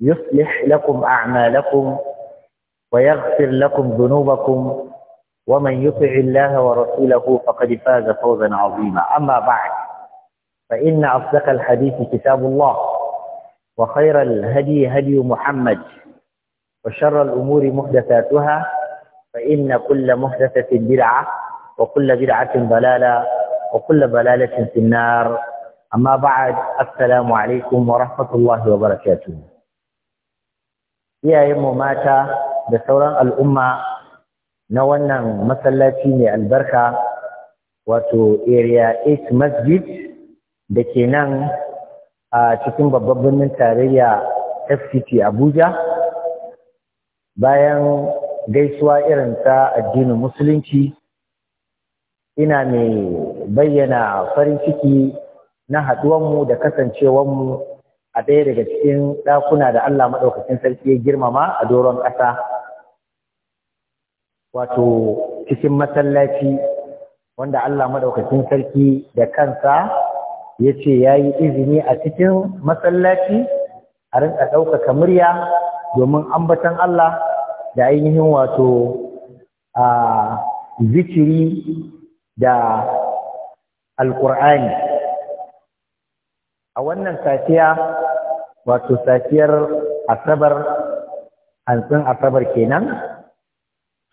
يصلح لكم أعمالكم ويغفر لكم ذنوبكم ومن يطع الله ورسوله فقد فاز فوزا عظيما أما بعد فإن أصدق الحديث كتاب الله وخير الهدي هدي محمد وشر الأمور محدثاتها فإن كل محدثة بدعة وكل بدعة ضلالة وكل ضلالة في النار أما بعد السلام عليكم ورحمة الله وبركاته iyayenmu mata da sauran al'umma na wannan masallaci mai albarka wato area 8 masjid da ke nan a cikin babban birnin tarayya fct abuja bayan gaisuwa irin ta addinin musulunci ina mai bayyana farin ciki na haɗuwanmu da kasancewanmu a ɗaya daga cikin ɗakuna da Allah maɗaukacin sarki ya girmama a doron ƙasa wato cikin masallaci wanda Allah maɗaukacin sarki da kansa ya ce ya yi izini a cikin masallaci a rinka ɗaukaka murya domin ambatan Allah da ainihin wato a zikiri da alƙur'ani a wannan safiya wato safiyar asabar hantsin asabar kenan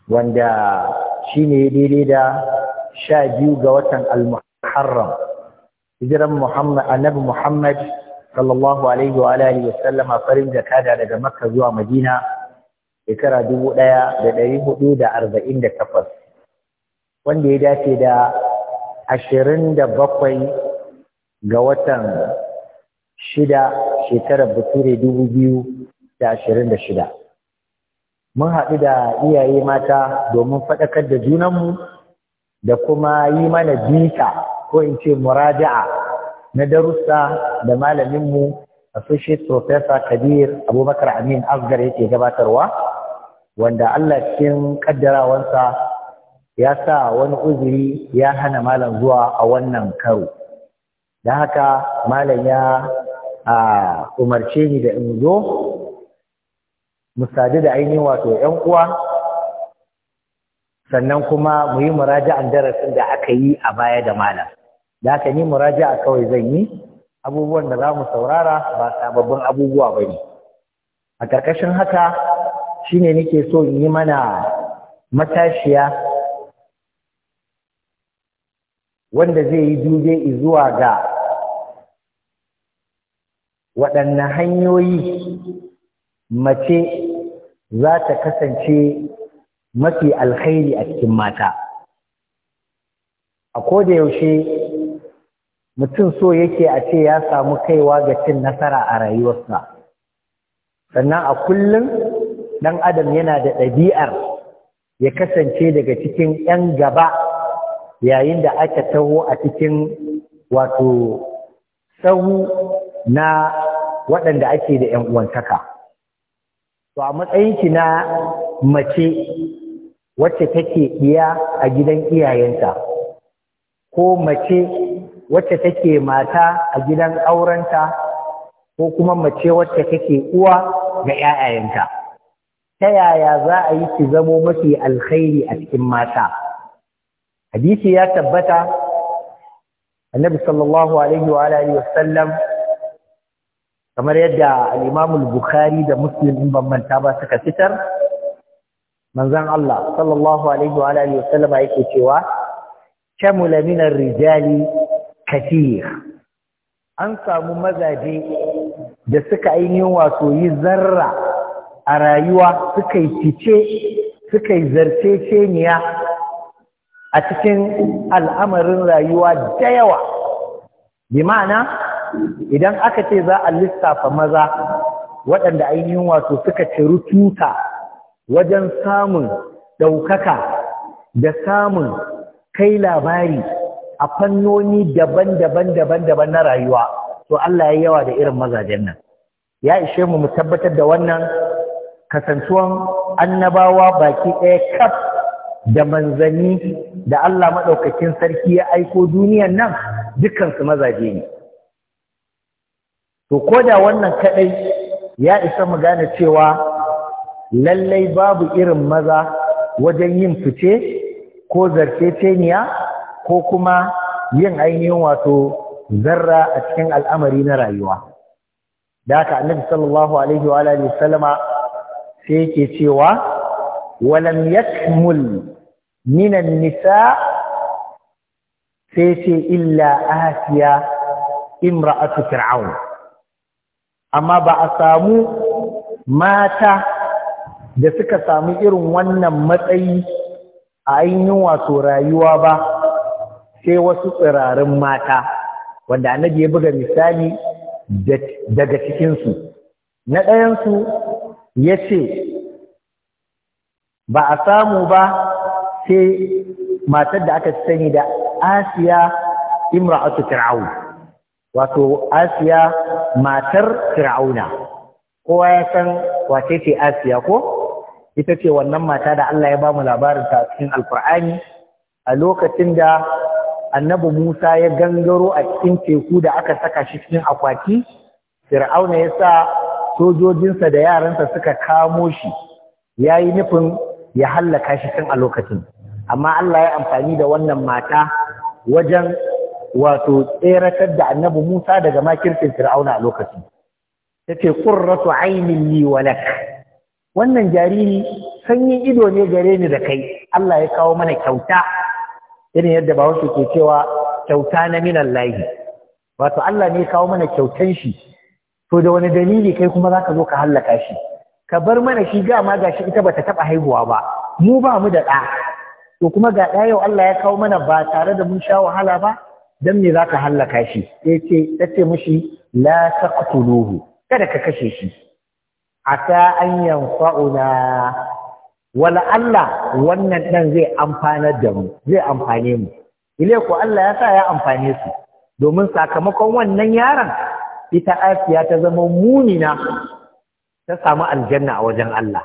wanda shi ne daidai da sha biyu ga watan al-muharram hijiran muhammad annabi muhammad sallallahu alaihi wa alihi wa sallama farin jakada daga makka zuwa madina shekara dubu ɗaya da ɗari hudu da arba'in da takwas wanda ya dace da ashirin da bakwai ga watan shida shekarar bature dubu biyu da ashirin da shida mun haɗu da iyaye mata domin faɗakar da junanmu da kuma yi mana bita ko in ce muraja'a na darussa da malaminmu associate professor kabir abubakar amin asgar yake gabatarwa wanda allah cikin ƙaddarawarsa ya sa wani uzuri ya hana malam zuwa a wannan karo da haka malam ya a umarce ni da in zo mu sadu da ainihin wato ‘yan uwa sannan kuma mu yi muraja'an darasin da aka yi a baya da malam da aka ni muraja'a kawai zan yi abubuwan da za mu saurara ba sababbin abubuwa ba ne a ƙarƙashin haka shine nake so in yi mana matashiya wanda zai yi dube zuwa ga waɗanne hanyoyi mace za ta kasance mafi alkhairi a cikin mata a koda yaushe mutum so yake a ce ya samu kaiwa ga cin nasara a rayuwarsa sannan a kullum ɗan adam yana da ɗabi'ar ya kasance daga cikin 'yan gaba yayin da aka taho a cikin wato sahu na waɗanda ake da ‘yan uwantaka. To a matsayinki na mace wacce take iya a gidan iyayenta, ko mace wacce take mata a gidan aurenta, ko kuma mace wacce take uwa ga ‘ya'yayenta. Ta yaya za a yi ki zamo mafi alkhairi a cikin mata? Hadisi ya tabbata, annabi sallallahu Alaihi wa kamar yadda al'imamul bukhari da muslim in manta ba suka fitar manzan Allah sallallahu alaihi wa alihi wasallama yake cewa shamula minar rijali kathir an samu mazaje da suka ainihin wato yi zarra a rayuwa suka yi fice suka yi zarceceniya a cikin al'amarin rayuwa da yawa bi ma'ana idan aka ce za a lissafa maza waɗanda ainihin wato suka ciri tuta wajen samun ɗaukaka da samun kai labari a fannoni daban-daban daban-daban na rayuwa to Allah ya yi yawa da irin mazajen nan ya ishe mu mu tabbatar da wannan kasantuwan annabawa baki ɗaya kaf da manzanni da Allah maɗaukakin sarki ya aiko duniyan nan dukansu mazaje ne to ko da wannan kadai ya isa mu gane cewa lallai babu irin maza wajen yin fice ko zarceceniya ko kuma yin ainihin wato zarra a cikin al'amari na rayuwa da haka annabi sallallahu alaihi wa alihi sallama sai yake cewa walam yakmul minan nisa sai ce illa asiya imra'atu fir'aun amma ba a samu mata da suka samu irin wannan matsayi a ainihin wato rayuwa ba sai wasu tsirarin mata wanda annabi ya buga misali daga cikinsu na ɗayansu ya ce ba a samu ba sai matar da aka sani da asiya imra'atu fir'aun wato asiya matar fir'auna kowa ya san wace ce asiya ko ita ce wannan mata da Allah ya ba mu labarin ta cikin alkur'ani a lokacin da annabi Musa ya gangaro a cikin teku da aka saka shi cikin akwati fir'auna ya sa sojojinsa da yaransa suka kamo shi ya yi nufin ya hallaka shi cikin a lokacin amma Allah ya amfani da wannan mata wajen wato tseratar da annabi Musa daga makircin Fir'auna a lokacin yace qurratu aynin li wa walak. wannan jariri sanyin ido ne gare ni da kai Allah ya kawo mana kyauta irin yadda ba wasu ke cewa kyauta na minan lahi wato Allah ne ya kawo mana kyautan shi to da wani dalili kai kuma zaka zo ka hallaka shi ka bar mana shi ga ma gashi ita bata taɓa haihuwa ba mu ba mu da ɗa to kuma ga ɗa yau Allah ya kawo mana ba tare da mun sha wahala ba dan me zaka hallaka shi yace tace mushi la taqtuluhu kada ka kashe shi ata an yanfa'una wala Allah wannan dan zai amfana da mu zai amfane mu ile ko Allah ya sa ya amfane su domin sakamakon wannan yaron ita Asiya ta zama munina ta samu aljanna a wajen Allah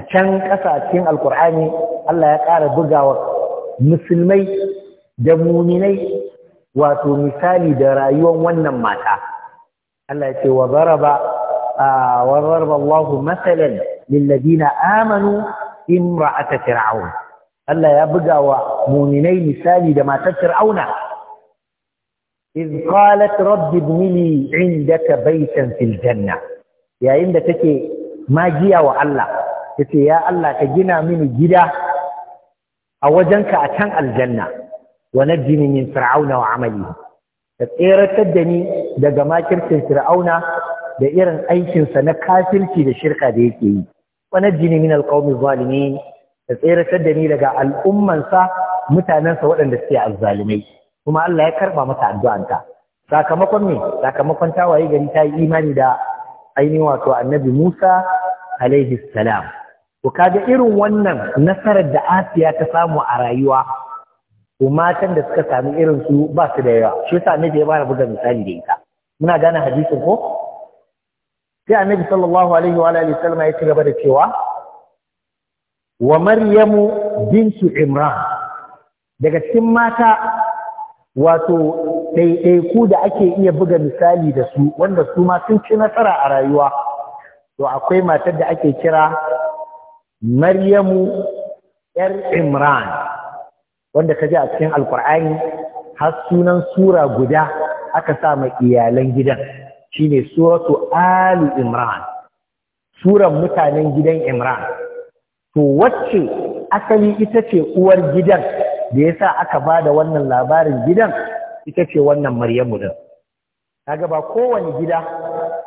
a can ƙasa cikin alkur'ani Allah ya ƙara bugawa musulmai da muminai wato misali da rayuwar wannan mata Allah ya ce wa zaraba wa zaraba Allah masalan lil ladina amanu imra'ata fir'aun Allah ya buga wa muminai misali da matar fir'auna إذ قالت رب ابن لي عندك بيتا في الجنة يا عند تكي ما جيا Allah تكي يا الله تجينا من جدا a أتن الجنة wa najjini min fir'auna wa amalihi ka tseratar daga makircin fir'auna da irin aikinsa na kafirci da shirka da yake yi wa najjini min alqawmi zalimin ka tseratar da ni daga al'ummansa mutanensa waɗanda suke azzalimai kuma Allah ya karba masa addu'anta sakamakon me sakamakon tawaye gari ta yi imani da ainihin wato annabi Musa alaihi salam to kaga irin wannan nasarar da Asiya ta samu a rayuwa to matan da suka sami irin su ba su da yawa shi yasa annabi ya bada buga misali da ita muna gane hadisin ko sai annabi sallallahu alaihi wa alihi sallama ya ci gaba da cewa wa maryamu bintu imran daga cikin mata wato ɗaiɗaiku da ake iya buga misali da su wanda su ma sun ci nasara a rayuwa to akwai matar da ake kira maryamu yar imran wanda ka ji a cikin alkur'ani har sunan sura guda aka sa ma iyalan gidan shine suratu ali imran suran mutanen gidan imran to wacce asali ita ce uwar gidan da yasa aka ba da wannan labarin gidan ita ce wannan maryamu din kaga ba kowane gida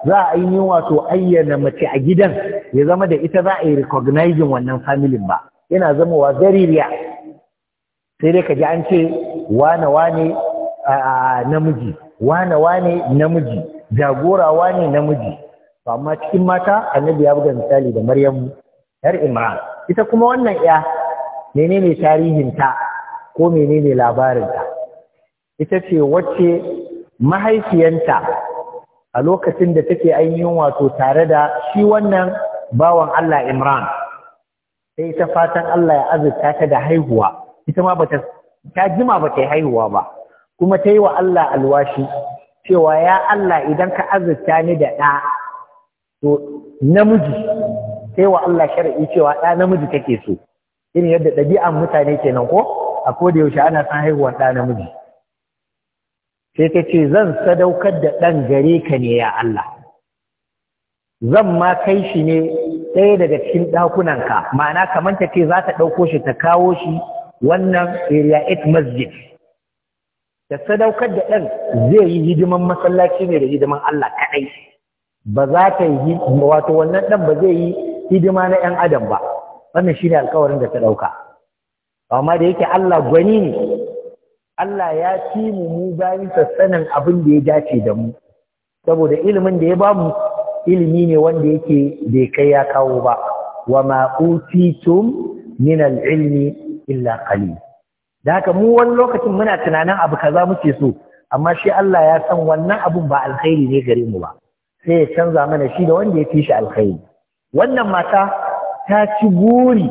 za a yi wato ayyana mace a gidan ya zama da ita za a yi recognizing wannan familin ba yana zama wa zariya sai dai ka ji an ce wane wane namiji wane wane namiji jagora wane namiji to amma cikin mata annabi ya buga misali da maryamu yar imran ita kuma wannan ya menene tarihinta ko menene labarinta ita ce wacce mahaifiyanta a lokacin da take ainihin wato tare da shi wannan bawan Allah Imran sai ta fatan Allah ya azurta ta da haihuwa ita ma bata ta jima bata haihuwa ba kuma ta yi wa Allah alwashi cewa ya Allah idan ka azurta ni da ɗa to namiji ta yi wa Allah shari'i cewa ɗa namiji take so irin yadda ɗabi'an mutane kenan ko a koda yaushe ana san haihuwar ɗa namiji sai ta ce zan sadaukar da ɗan gare ka ne ya Allah zan ma kai shi ne ɗaya daga cikin ɗakunanka ma'ana kamar ta ce za ta ɗauko shi ta kawo shi wannan area 8 masjid da sadaukar da ɗan zai yi hidiman masallaci ne da hidiman Allah kaɗai ba za ta yi wato wannan ɗan ba zai yi hidima na ‘yan adam ba wannan shi ne alkawarin da ta ɗauka amma da yake Allah gwani ne Allah ya fi mu mu bayan sassanin abin da ya dace da mu saboda ilimin da ya ba mu ilimi ne wanda yake bai kai ya kawo ba wa ma utitum min al illa qalil da haka mu wani lokacin muna tunanin abu kaza muke so amma shi Allah ya san wannan abun ba alkhairi ne gare mu ba sai ya canza mana shi da wanda ya fi shi alkhairi wannan mata ta ci guri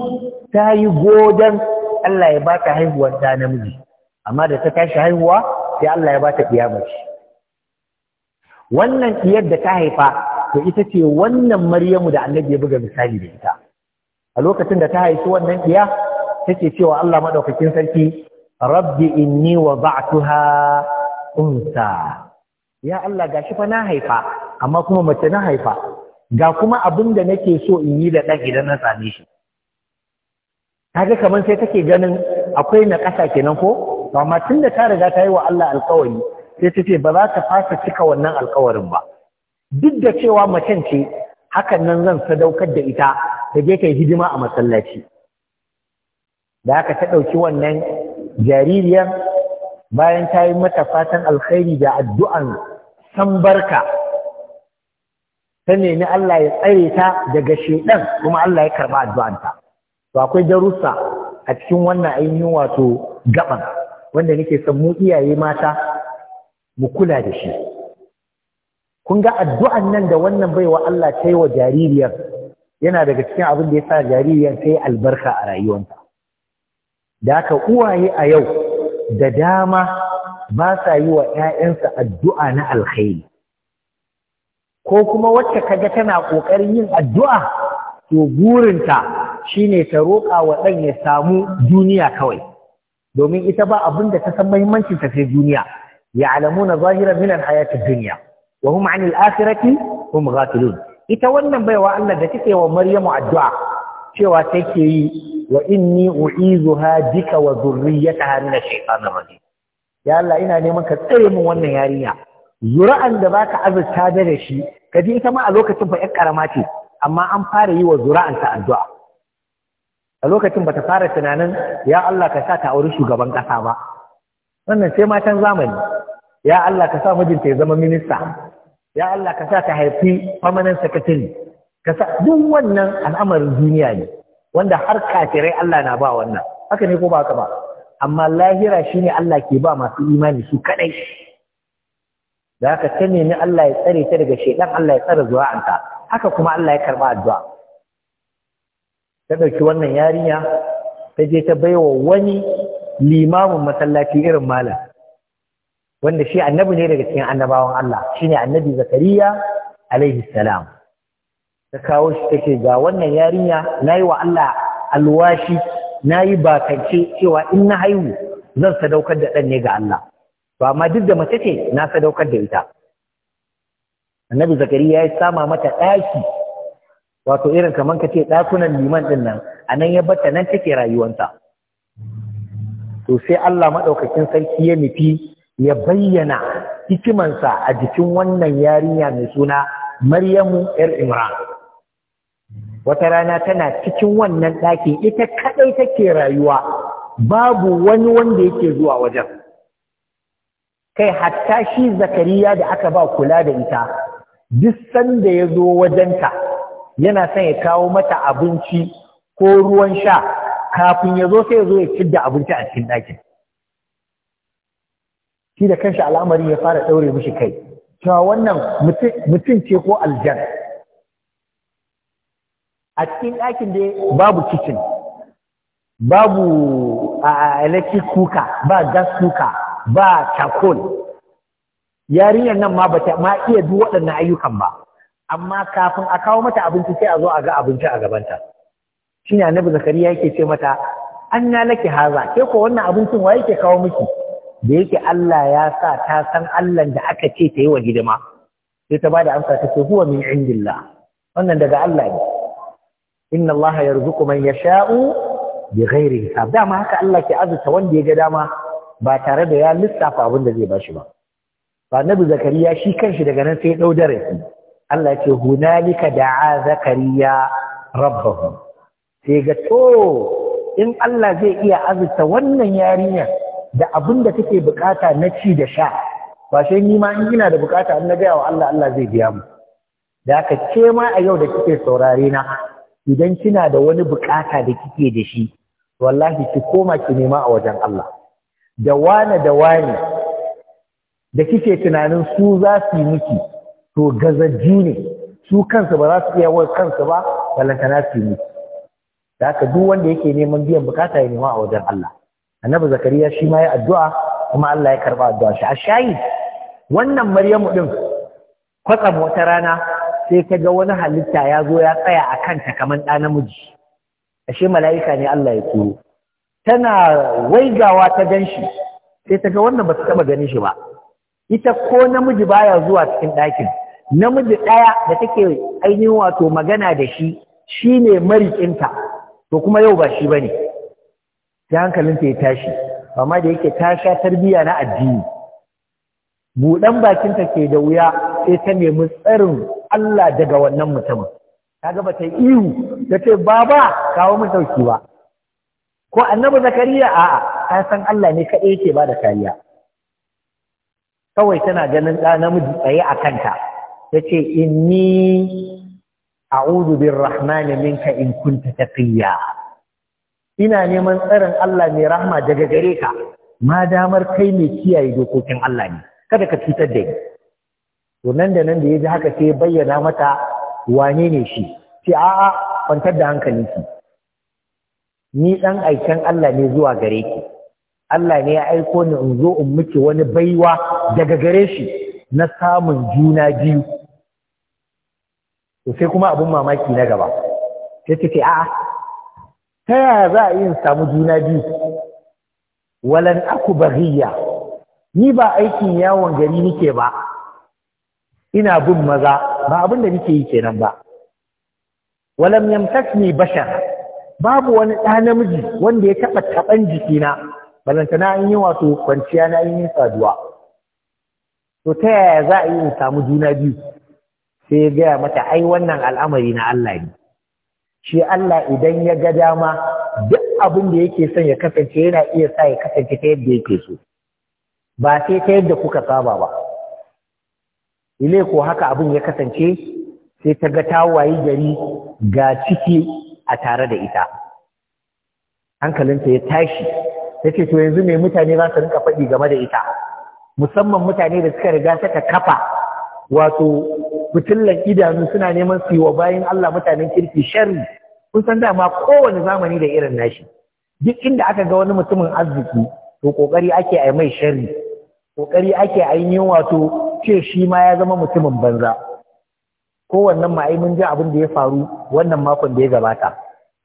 ta yi godan Allah ya bata haihuwar da namiji amma da ta tashi haihuwa sai Allah ya bata kiyamaci wannan kiyar da ta haifa to ita ce wannan Maryamu da Annabi ya buga misali da ita a lokacin da ta haifi wannan kiya take cewa Allah madaukakin sarki rabbi inni wada'tuha unsa ya Allah gashi fa na haifa amma kuma mace na haifa ga kuma abin da nake so in yi da ɗan idan na same shi kaga kamar sai take ganin akwai na ƙasa kenan ko amma tun da ta riga ta yi wa Allah alƙawari sai ta ce ba za ta fasa cika wannan alƙawarin ba duk da cewa macen ce hakan nan zan sadaukar da ita ta je ta yi hidima a masallaci da haka ta ɗauki wannan jaririyar bayan ta yi mata fatan alkhairi da addu'an san barka ta nemi Allah ya tsare ta daga shaidan kuma Allah ya karɓa addu'anta to akwai darussa a cikin wannan ainihin wato gaban wanda nake son mu iyaye mata mu kula da shi kun ga addu'an nan da wannan baiwa Allah ta yi wa jaririyar yana daga cikin abin da ya sa jaririyar ta yi albarka a rayuwanta da haka uwaye a yau da dama ba sa yi wa ‘ya'yansa addu'a na alkhairi ko kuma wacce kaga tana ƙoƙarin yin addu'a to burinta shine ta roƙa wa ɗan ya samu duniya kawai domin ita ba abin da ta san muhimmancin ta sai duniya ya alamu na zahirar minan hayatun duniya wa hum anil akhirati hum ghafilun ita wannan baiwa Allah da take wa Maryamu addu'a cewa take yi wa inni ha dika wa zurriyataha min ash-shaytanir rajim ya Allah ina neman ka tsare min wannan yarinya zura'an da baka azurta da shi kaji ita ma a lokacin fa yar karama ce amma an fara yi wa zura'an ta addu'a a lokacin bata fara tunanin ya Allah ka sa ta auri shugaban kasa ba wannan sai matan zamani ya Allah ka sa mijinta ya zama minista ya Allah ka sa ta haifi permanent secretary kasa duk wannan al'amarin duniya ne wanda har kafirai Allah na ba wannan haka ne ko ba haka ba amma lahira shine Allah ke ba masu imani su kadai da haka ta nemi Allah ya tsare ta daga shedan Allah ya tsare zuwa anta haka kuma Allah ya karba addu'a ta dauki wannan yarinya ta je ta baiwa wani limamin masallaci irin malam wanda shi annabi ne daga cikin annabawan Allah shine annabi Zakariya alaihi salam ta kawo shi take ga wannan yarinya nayi wa Allah alwashi nayi bakance cewa in na haihu zan sadaukar da dan ne ga Allah to amma duk da mace ce na sadaukar da ita annabi zakariya ya sama mata ɗaki wato irin kamar kace ce ɗakunan liman ɗinnan, nan a nan ya bata nan take rayuwanta to sai Allah maɗaukakin sarki ya nufi ya bayyana hikimansa a jikin wannan yarinya mai suna Maryamu ‘yar Imran. wata rana tana cikin wannan ɗakin ita kaɗai take rayuwa babu wani wanda yake zuwa wajen kai hatta shi zakariya da aka ba kula da ita duk sanda ya zo wajenta yana son ya kawo mata abinci ko ruwan sha kafin ya zo sai ya zo ya cidda abinci a cikin ɗakin shi da kanshi al'amarin ya fara ɗaure mishi kai cewa wannan mutum ce ko aljanna a cikin ɗakin da babu kitchen babu a electric cooker ba gas cooker ba charcoal yarinyar nan ma ba ma iya duk waɗannan ayyukan ba amma kafin a kawo mata abinci sai a zo a ga abinci a gabanta shine annabi zakariya yake ce mata an ya laki haza ke ko wannan abincin wa yake kawo miki da yake Allah ya sa ta san Allah da aka ce ta yi wa hidima sai ta bada amsa ta ce huwa min indillah wannan daga Allah ne inna ya yarzuqu man yasha'u bighairi hisab dama haka Allah ke azurta wanda ya ga dama ba tare da ya lissafa abin da zai shi ba ba nabi zakariya shi kanshi daga nan sai ya dau Allah ce hunalika da'a zakariya rabbahu sai ga to in Allah zai iya azurta wannan yarinya da abin da kake bukata na ci da sha ba sai ni ma in ina da bukata in na gaya wa Allah Allah zai biya mu da ce ma a yau da kike saurare na idan kina da wani bukata da kike da shi wallahi ki koma ki nema a wajen Allah da wane da wane da kike tunanin su za su yi miki to gazaji ne su kansu ba za su iya wa kansu ba balantana su yi miki da haka duk wanda yake neman biyan bukata ya nema a wajen Allah annabi zakariya shi ma ya addu'a kuma Allah ya karba addu'a shi a shayi wannan maryamu din kwatsam wata rana sai ka ga wani halitta ya zo ya tsaya a kanta kamar ɗa namiji ashe mala'ika ne Allah ya turo tana waigawa ta gan shi sai ta ga wannan ba ta taɓa ganin shi ba ita ko namiji baya zuwa cikin ɗakin namiji ɗaya da take ainihin wato magana da shi shi ne mariƙinta to kuma yau ba shi ba ne ta hankalinta ya tashi amma da yake ta sha tarbiyya na addini buɗan bakinta ke da wuya sai ta nemi tsarin Allah daga wannan mutumin kaga gaba ta yi ihu ta ce baba kawo mu sauki ba ko annabi zakariya a'a ta san Allah ne kaɗai yake ba da kariya kawai tana ganin ɗa namiji tsaye a kanta ta ce inni a'udhu birrahmani minka in kunta taqiyya ina neman tsarin Allah mai rahma daga gare ka ma damar kai mai kiyaye dokokin Allah ne kada ka cutar da ni to nan da nan da ya ji haka sai bayyana mata wane ne shi ce a'a kwantar da ki. ni ɗan aiken Allah ne zuwa gare ki Allah ne ya aiko ni in zo in miki wani baiwa daga gare shi na samun juna biyu to sai kuma abin mamaki na gaba sai ta ce a'a ta yaya za a yi in samu juna biyu walan aku baghiya ni ba aikin yawon gari nike ba ina bin maza ba abin da nake yi kenan ba walam yamtasni bashar babu wani ɗa namiji wanda ya taɓa taɓan jikina balantana an yi wato kwanciya na yi saduwa to ta yaya za a yi in samu juna biyu sai ya gaya mata ai wannan al'amari na Allah ne shi Allah idan ya ga dama duk abin da yake son ya kasance yana iya sa ya kasance ta yadda yake so ba sai ta yadda kuka saba ba ile ko haka abin ya kasance sai ta ga ta wayi gari ga ciki a tare da ita hankalinta ya tashi ta ce to yanzu mai mutane za su rinka faɗi game da ita musamman mutane da suka riga suka kafa wato fitillan idanu suna neman su yi wa bayan Allah mutanen kirki sharri kun san dama kowane zamani da irin nashi duk inda aka ga wani mutumin arziki to kokari ake a mai sharri kokari ake a yi wato ce shi ma ya zama mutumin banza kowannen ma mun ji abin da ya faru wannan makon da ya gabata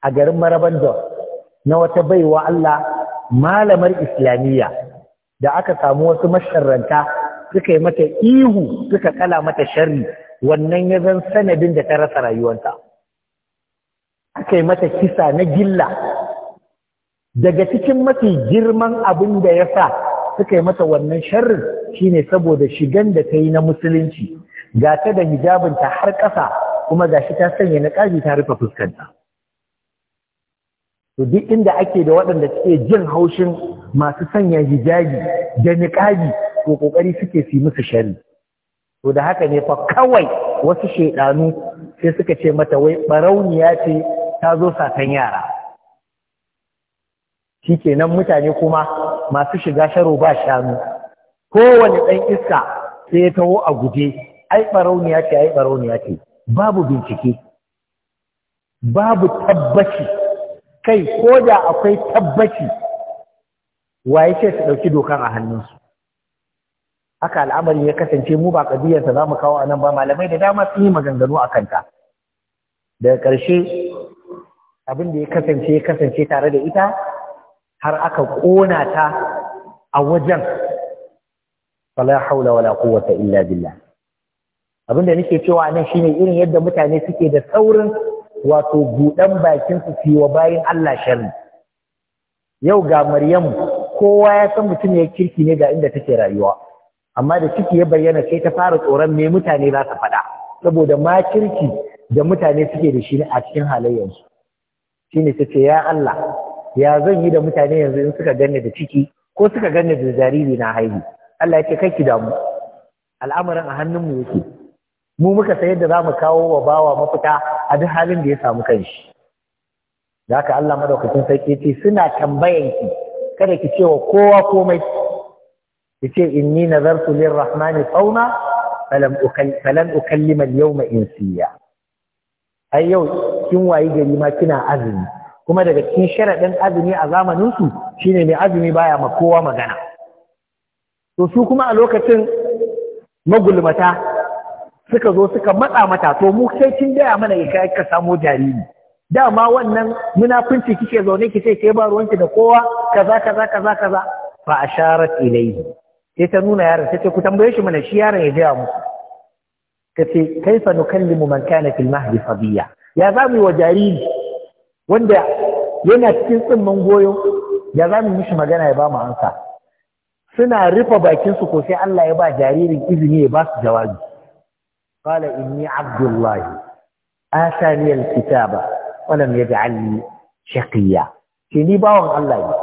a garin maraban da na wata baiwa Allah malamar islamiyya da aka samu wasu masharranta suka yi mata ihu suka kala mata sharri wannan ya zan sanadin da ta rasa rayuwanta aka yi mata kisa na gilla daga cikin mafi girman abin da ya sa suka yi mata wannan sharrin shine saboda shigan da ta yi na musulunci ga ta da hijabinta har ƙasa kuma ga shi ta sanya na ƙaji ta rufe fuskanta to duk inda ake da waɗanda suke jin haushin masu sanya hijabi da niƙaji ko ƙoƙari suke fi musu shari to da haka ne fa kawai wasu shaidanu sai suka ce mata wai ɓarauniya ce ta zo satan yara shikenan mutane kuma masu shiga sharo ba shanu kowane ɗan iska sai ya taho a guje ai ɓarauniya ce ai ɓarauniya ce babu bincike babu tabbaci kai ko da akwai tabbaci waye ce su ɗauki dokan a hannunsu haka al'amari ya kasance mu ba ƙabiyarsa za mu kawo a nan ba malamai da dama sun yi maganganu a kanta daga ƙarshe abin da ya kasance ya kasance tare da ita har aka ƙona ta a wajen fala haula wala quwwata illa billah abinda nake cewa nan shine irin yadda mutane suke da saurin wato buɗan bakin su fi wa bayin Allah sharri yau ga Maryam kowa ya san mutum ya kirki ne ga inda take rayuwa amma da ciki ya bayyana sai ta fara tsoron me mutane za su faɗa saboda ma kirki da mutane suke da shi a cikin halayyarsu shine tace ya Allah ya zan yi da mutane yanzu in suka ganni da ciki ko suka ganni da jariri na haihu Allah ya ce kai ki damu al'amarin a hannunmu yake mu muka sayar da zamu kawo wa bawa mafita a duk halin da ya samu kanshi da haka Allah madaukakin sarki ce suna tambayan ki kada ki ce wa kowa komai ki ce inni nazartu lirrahmani qawma falam ukalli falam ukallima al-yawma insiya ai yau kin wayi gari ma kina azumi kuma daga cikin sharaɗin azumi a zamanin su shine mai azumi baya ma kowa magana to su kuma a lokacin magulmata suka zo suka matsa mata to mu sai kin gaya mana ya ka samo jariri dama wannan munafunci kike zaune kike kai ba ruwanki da kowa kaza kaza kaza kaza fa asharat ilayhi sai ta nuna yaron sai ku tambaye shi mana shi yaron ya gaya muku kace kaifa nukallimu man kana fil mahdi sabiya ya zamu wa jariri wanda yana cikin tsimman goyo ya zamu mishi magana ya ba mu ansa suna rufe bakinsu ko sai Allah ya ba jaririn izini ya ba su jawabi qala inni abdullahi asani alkitaba wa lam yaj'alni shaqiya ke ni bawon Allah ne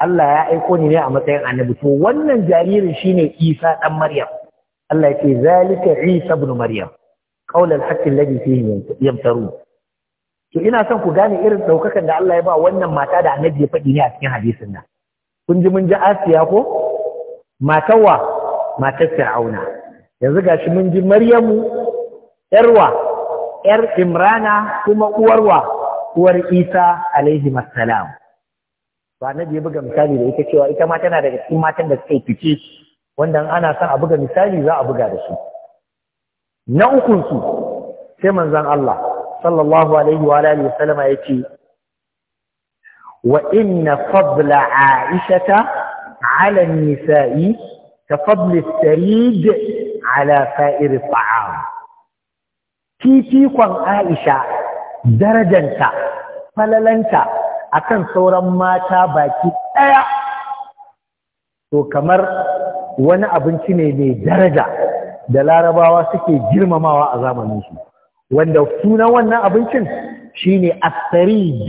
Allah ya aiko ni ne a matsayin annabi to wannan jaririn shine Isa dan Maryam Allah yake zalika Isa ibn Maryam ƙaunar haƙƙin alladhi fihi to ina son ku gane irin ɗaukakan da Allah ya ba wannan mata da annabi ya faɗi ne a cikin hadisin nan kun ji mun ji Asiya ko matarwa matar fir'auna yanzu gashi mun ji maryamu yarwa yar imrana kuma uwarwa uwar isa alaihi assalam ba na ya buga misali da ita cewa ita ma tana daga cikin matan da suka fice wanda ana son a buga misali za a buga da su na ukun su sai manzon Allah sallallahu alaihi wa alihi wasallama yace wa inna fadla aishata على النساء كفضل الثريد على سائر الطعام fifikon Aisha darajanta falalanta akan sauran mata baki ɗaya to kamar wani abinci ne mai daraja da larabawa suke girmamawa a zamanin su wanda sunan wannan abincin shine asarij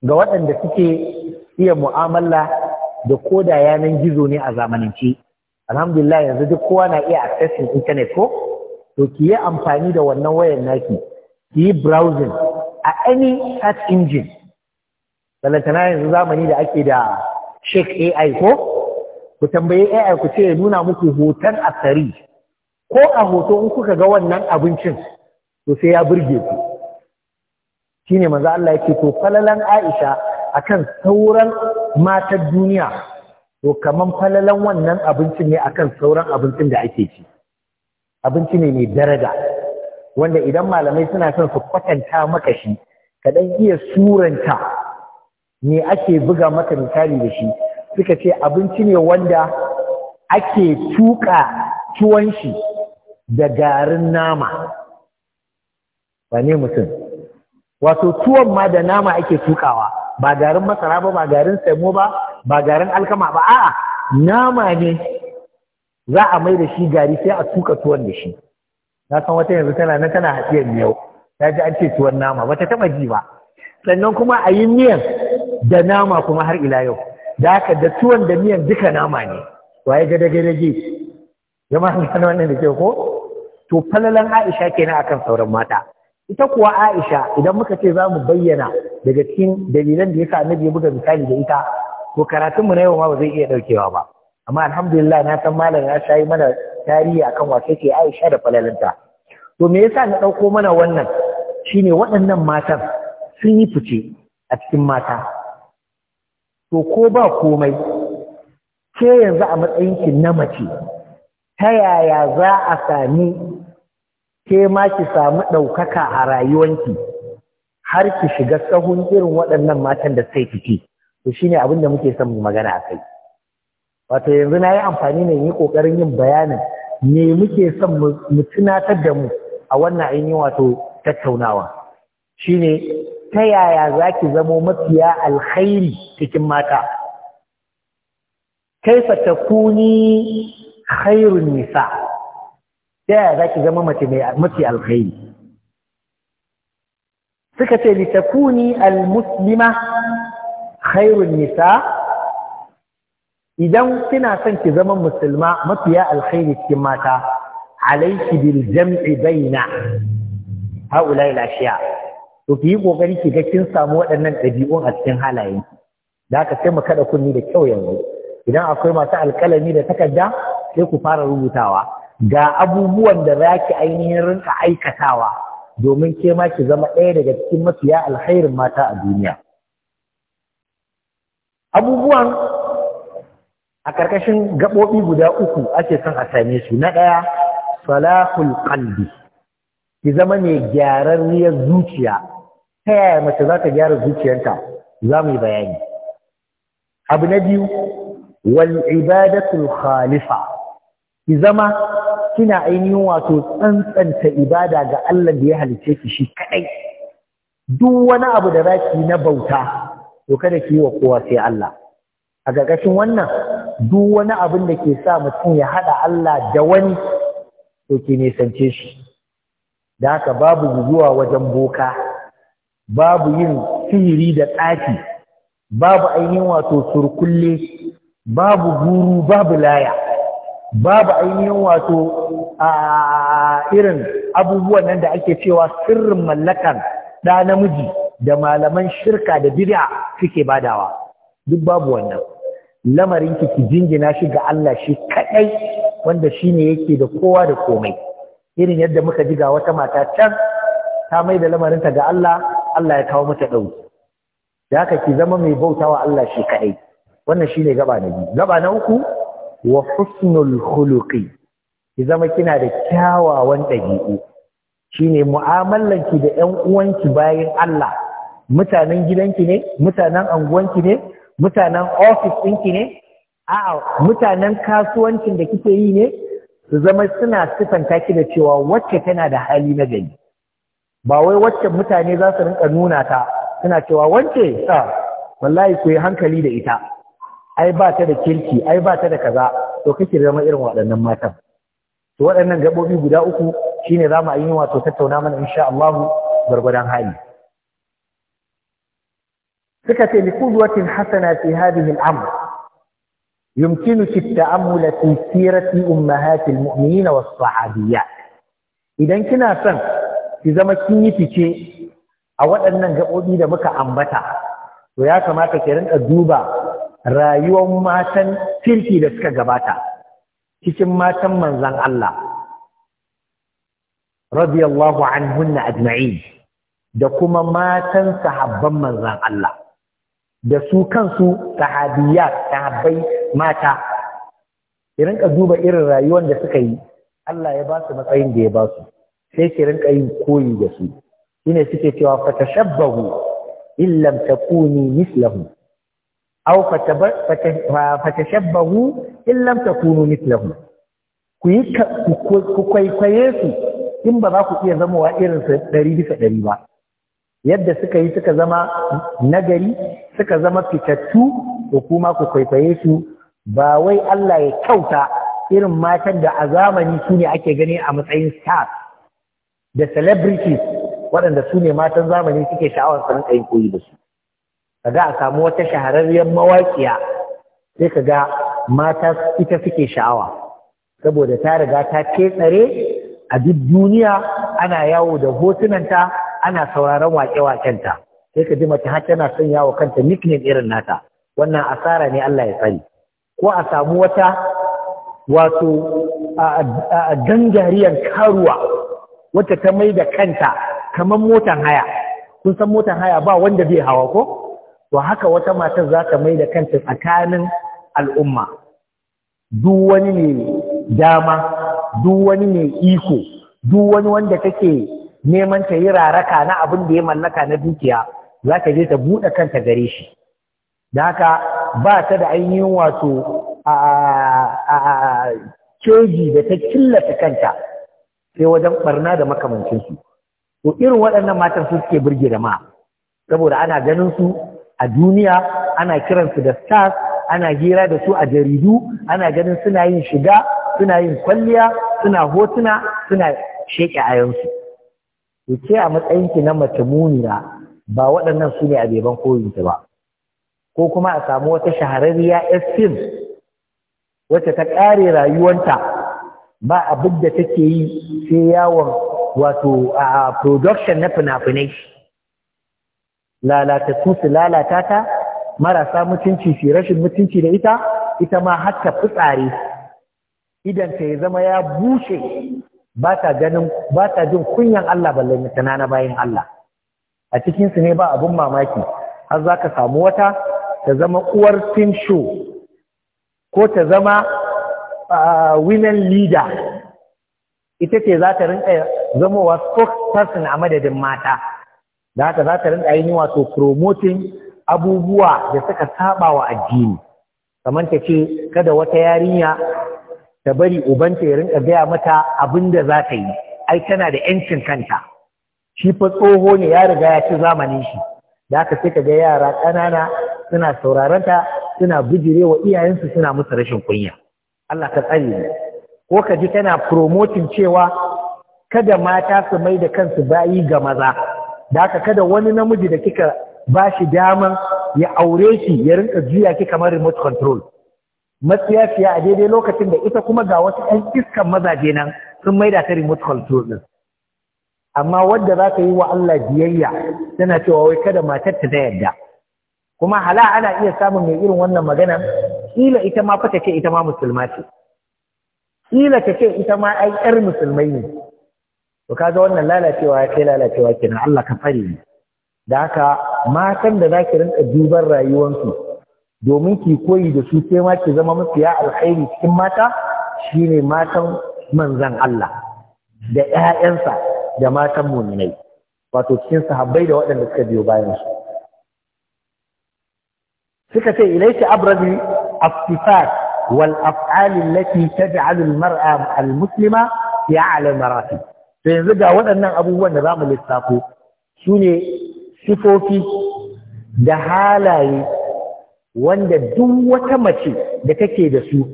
ga waɗanda suke iya mu'amala da ko da yanan gizo ne a zamanance alhamdulillah yanzu duk kowa na iya accessing internet ko to ki yi amfani da wannan wayan naki ki yi browsing a any search engine balantana yanzu zamani da ake da shek AI ko ku tambayi AI ku ce ya nuna muku hoton asari ko a hoto in kuka ga wannan abincin to sai ya burge ku Shi ne manzo Allah ya ce to falalan Aisha akan sauran matan duniya to kaman falalan wannan abincin ne akan sauran abincin da ake ci abinci ne mai daraja wanda idan malamai suna son su kwatanta maka shi ka dan iya suranta me ake buga maka misali da shi suka ce abinci ne wanda ake tuka tuwon shi da garin nama ba mutum wato tuwon ma da nama ake tukawa ba garin masara ba ba garin saimo ba ba garin alkama ba a'a nama ne za a mai da shi gari sai a tuka tuwon da shi na san wata yanzu tana nan tana haɗiyar miyau ta ji an ce tuwon nama ba ta taba ji ba sannan kuma a yi miyan da nama kuma har ila yau da haka da tuwon da miyan duka nama ne waye gada ji yamma an san wannan da ke ko to falalan Aisha kenan akan sauran mata ita kuwa Aisha idan muka ce za mu bayyana daga cikin dalilan da yasa annabi ya buga misali da ita ko karatun mu na yau ma ba zai iya daukewa ba amma alhamdulillah na san malam ya shayi mana tarihi akan wace ce Aisha da falalinta to me yasa na dauko mana wannan shine waɗannan matan sun yi fice a cikin mata to ko ba komai ke yanzu a matsayin matsayinki na mace ta yaya za a sami ke ma ki samu ɗaukaka a rayuwanki har ki shiga sahun irin waɗannan matan da sai fiti to shine abin da muke son mu magana a kai wato yanzu na yi amfani ne yi ƙoƙarin yin bayanin me muke son mu tunatar da mu a wannan ainihin wato tattaunawa shine ta yaya za ki zamo mafiya alkhairi cikin mata kaifa takuni khairun nisa ta yaya za ki zama mace mai mafi alkhairi suka ce litakuni almuslima khairun nisa idan kina son ki zama musulma mafiya alkhairi cikin mata alaiki bil jam'i baina haula ila shi'a to ki yi kokari ki ga kin samu waɗannan ɗabi'un a cikin halaye da aka sai mu kada kunni da kyau yanzu idan akwai masu alkalami da takarda sai ku fara rubutawa ga abubuwan da za ki ainihin rinka aikatawa domin ke ma ki zama ɗaya daga cikin mafiya alkhairin mata a duniya abubuwan a ƙarƙashin gaɓoɓi guda uku ake son a same su na ɗaya salahul kalbi ki zama mai gyararriyar zuciya ta yaya mace za ta gyara zuciyarta za mu yi bayani abu na biyu wal ibadatul khalifa ki zama kina ainihin wato tsantsanta ibada ga Allah da ya halice ki shi kadai duk wani abu da zaki na bauta to kada ki yi wa kowa sai Allah a gagashin wannan duk wani abin da ke sa mutum ya hada Allah da wani to ki nisance shi da haka babu guguwa wajen boka babu yin sihiri da tsafi babu ainihin wato surkulle babu guru babu laya babu ainihin wato a irin abubuwan nan da ake cewa sirrin mallakan ɗa namiji da malaman shirka da bid'a suke badawa duk babu wannan lamarin ki ki jingina shi ga Allah shi kadai wanda shine yake da kowa da komai irin yadda muka ji ga wata mata can ta mai da lamarinta ga Allah Allah ya kawo mata dauki da haka ki zama mai bautawa Allah shi kadai wannan shine gaba na biyu gaba na uku wa husnul khuluqi ki zama kina da kyawawan ɗabi'u shine mu'amalanki da ƴan uwanki bayan Allah mutanen gidanki ne mutanen anguwanki ne mutanen ofis ɗinki ne a'a mutanen kasuwancin da kike yi ne su zama suna sifanta ki da cewa wacce tana da hali na gari ba wai wacce mutane za su rinka nuna ta suna cewa wance ta ah, wallahi ku yi hankali da ita ai ba ta da kirki ai ba ta da kaza to kake zama irin waɗannan matan to waɗannan gabobi guda uku shine za mu yi wato tattauna mana insha Allah gwargwadon hali suka ce liqudwatin hasana fi hadhihi al-amr yumkinuki at-ta'ammul fi sirati ummahat al-mu'minin was-sahabiyyat idan kina son ki zama kin yi fice a waɗannan gabobi da muka ambata to ya kamata ki rinka duba rayuwar matan kirki da suka gabata cikin matan manzan Allah radiyallahu anhunna ajma'i da kuma matan sahabban manzan Allah da su kansu sahabiya, sahabbai mata irin ka duba irin rayuwar da suka yi Allah ya ba su matsayin da ya ba su sai ki rinka yin koyi da su shine suke cewa fatashabbahu illam takuni mislahu aw fatashabbahu in lam takunu mithlahu ku yi ku kwaikwaye su in ba za ku iya zamowa irin su ɗari bisa ɗari ba yadda suka yi suka zama nagari suka zama fitattu ko kuma ku kwaikwaye su ba wai Allah ya kyauta irin matan da a zamani su ne ake gani a matsayin stars da celebrities waɗanda su ne matan zamani suke sha'awar sanin yin koyi da su Ka ga a samu wata shahararriyar mawaƙiya sai ka ga mata ita suke sha'awa saboda ta riga ta ke tsare a duk duniya ana yawo da hotunanta ana sauraron waƙe-waƙenta sai ka ji mace har tana son yawo kanta nickname irin nata wannan asara ne Allah ya tsari ko a samu wata wato a gangariyar karuwa wata ta mai da kanta kamar motan haya kun san motan haya ba wanda zai hawa ko to haka wata matar za ta mai da kanta tsakanin al'umma duk wani ne dama duk wani ne iko duk wani wanda take neman ta yi raraka na abin da ya mallaka na dukiya za ta je ta buɗe kanta gare shi da haka ba ta da ainihin wato a keji da ta killata kanta sai wajen barna da makamancinsu to irin waɗannan matan su suke burge da ma saboda ana ganin su a duniya ana kiransu da stars ana hira da su a jaridu ana ganin suna yin shiga suna yin kwalliya suna hotuna suna sheke ayansu to ce a matsayinki na mace muniya ba waɗannan su ne a beban koyinki ba ko kuma a samu wata shahararriya fim wacce ta ƙare rayuwanta ba abin da take yi sai yawon wato a production na fina-finai lalatattu su lalata ta marasa mutunci su rashin mutunci da ita ita ma har ta fitsare idan ta ya zama ya bushe ba ta ganin ba ta jin kunyan Allah balle tana na bayin Allah a cikin su ne ba abun mamaki har za ka samu wata ta zama uwar tin show ko ta zama women leader ita ce za ta rinka zamowa spokesperson a madadin mata da haka za ta rinka yin wato promoting abubuwa da suka saba wa addini kamar ta ce kada wata yarinya ta bari ubanta ya rinka gaya mata abin da za ta yi ai tana da yancin kanta shi fa tsoho ne ya riga ya ci zamanin shi da haka sai ka ga yara ƙanana suna sauraron ta suna bijire wa iyayensu suna musu rashin kunya Allah ka tsare ni ko ka ji tana promoting cewa kada mata su mai da kansu bayi ga maza da aka kada wani namiji da kika ba shi daman ya aure shi ya rinka juya ki kamar remote control matsiyaciya a daidai lokacin da ita kuma ga wasu ɗan iskan mazaje nan sun maida ta remote control din amma wadda za ka yi wa Allah biyayya tana cewa wai kada matar ta yarda kuma hala ana iya samun mai irin wannan magana kila ita ma fa ce ita ma musulma ce kila ta ce ita ma ai ƴar musulmai ne to kaga wannan lalacewa ya kai lalacewa kenan Allah ka fare ni da haka matan da zaki rinka duban rayuwarsu domin ki koyi da su sai ma ki zama ya alkhairi cikin mata shine matan manzan Allah da ƴaƴansa da matan muminai wato cikin sahabbai da waɗanda suka biyo bayan su suka ce ilayka abrazi aftifat wal af'al allati taj'al al mar'a al muslima fi a'la maratib to yanzu ga waɗannan abubuwan da za mu lissafo su ne sifofi da halaye wanda duk wata mace da kake da su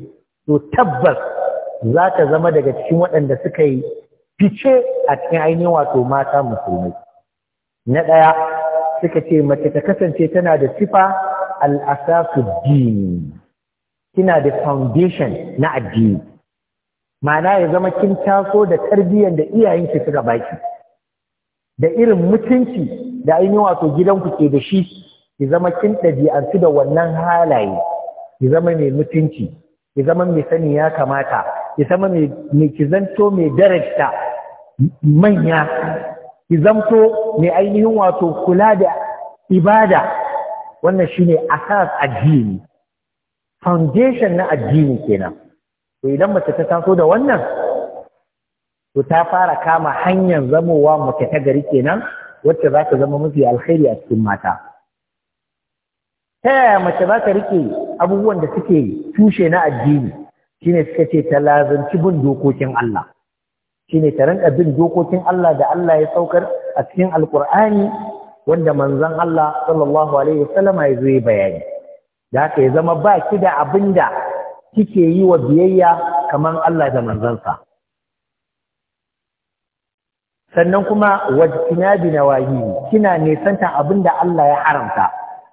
to tabbas za ta zama daga cikin waɗanda suka yi fice a cikin ainihin wato mata musulmai na ɗaya suka ce mace ta kasance tana da sifa al'asasu dini kina da foundation na addini ma'ana ya zama kin taso da tarbiyyar da iyayenki suka baki da irin mutunci da ainihin wato gidanku ke da shi ki zama kin ɗabi'antu da wannan halaye ki zama mai mutunci ki zama mai sani ya kamata ki zama mai ki zanto mai darajta manya ki zanto mai ainihin wato kula da ibada wannan shine asas addini foundation na addini kenan to idan mace ta taso da wannan to ta fara kama hanyar zamowa mace ta gari kenan wacce za ta zama mafi alkhairi a cikin mata ta yaya mace za ta rike abubuwan da suke tushe na addini shine suka ce ta lazanci bin dokokin Allah shine ta rinka bin dokokin Allah da Allah ya saukar a cikin alkur'ani wanda manzon Allah sallallahu alaihi wasallama ya zo bayani da haka ya zama ba ki da abinda kike yi wa biyayya kamar Allah da manzansa sannan kuma wajtinabi nawahi kina nesanta abin da Allah ya haramta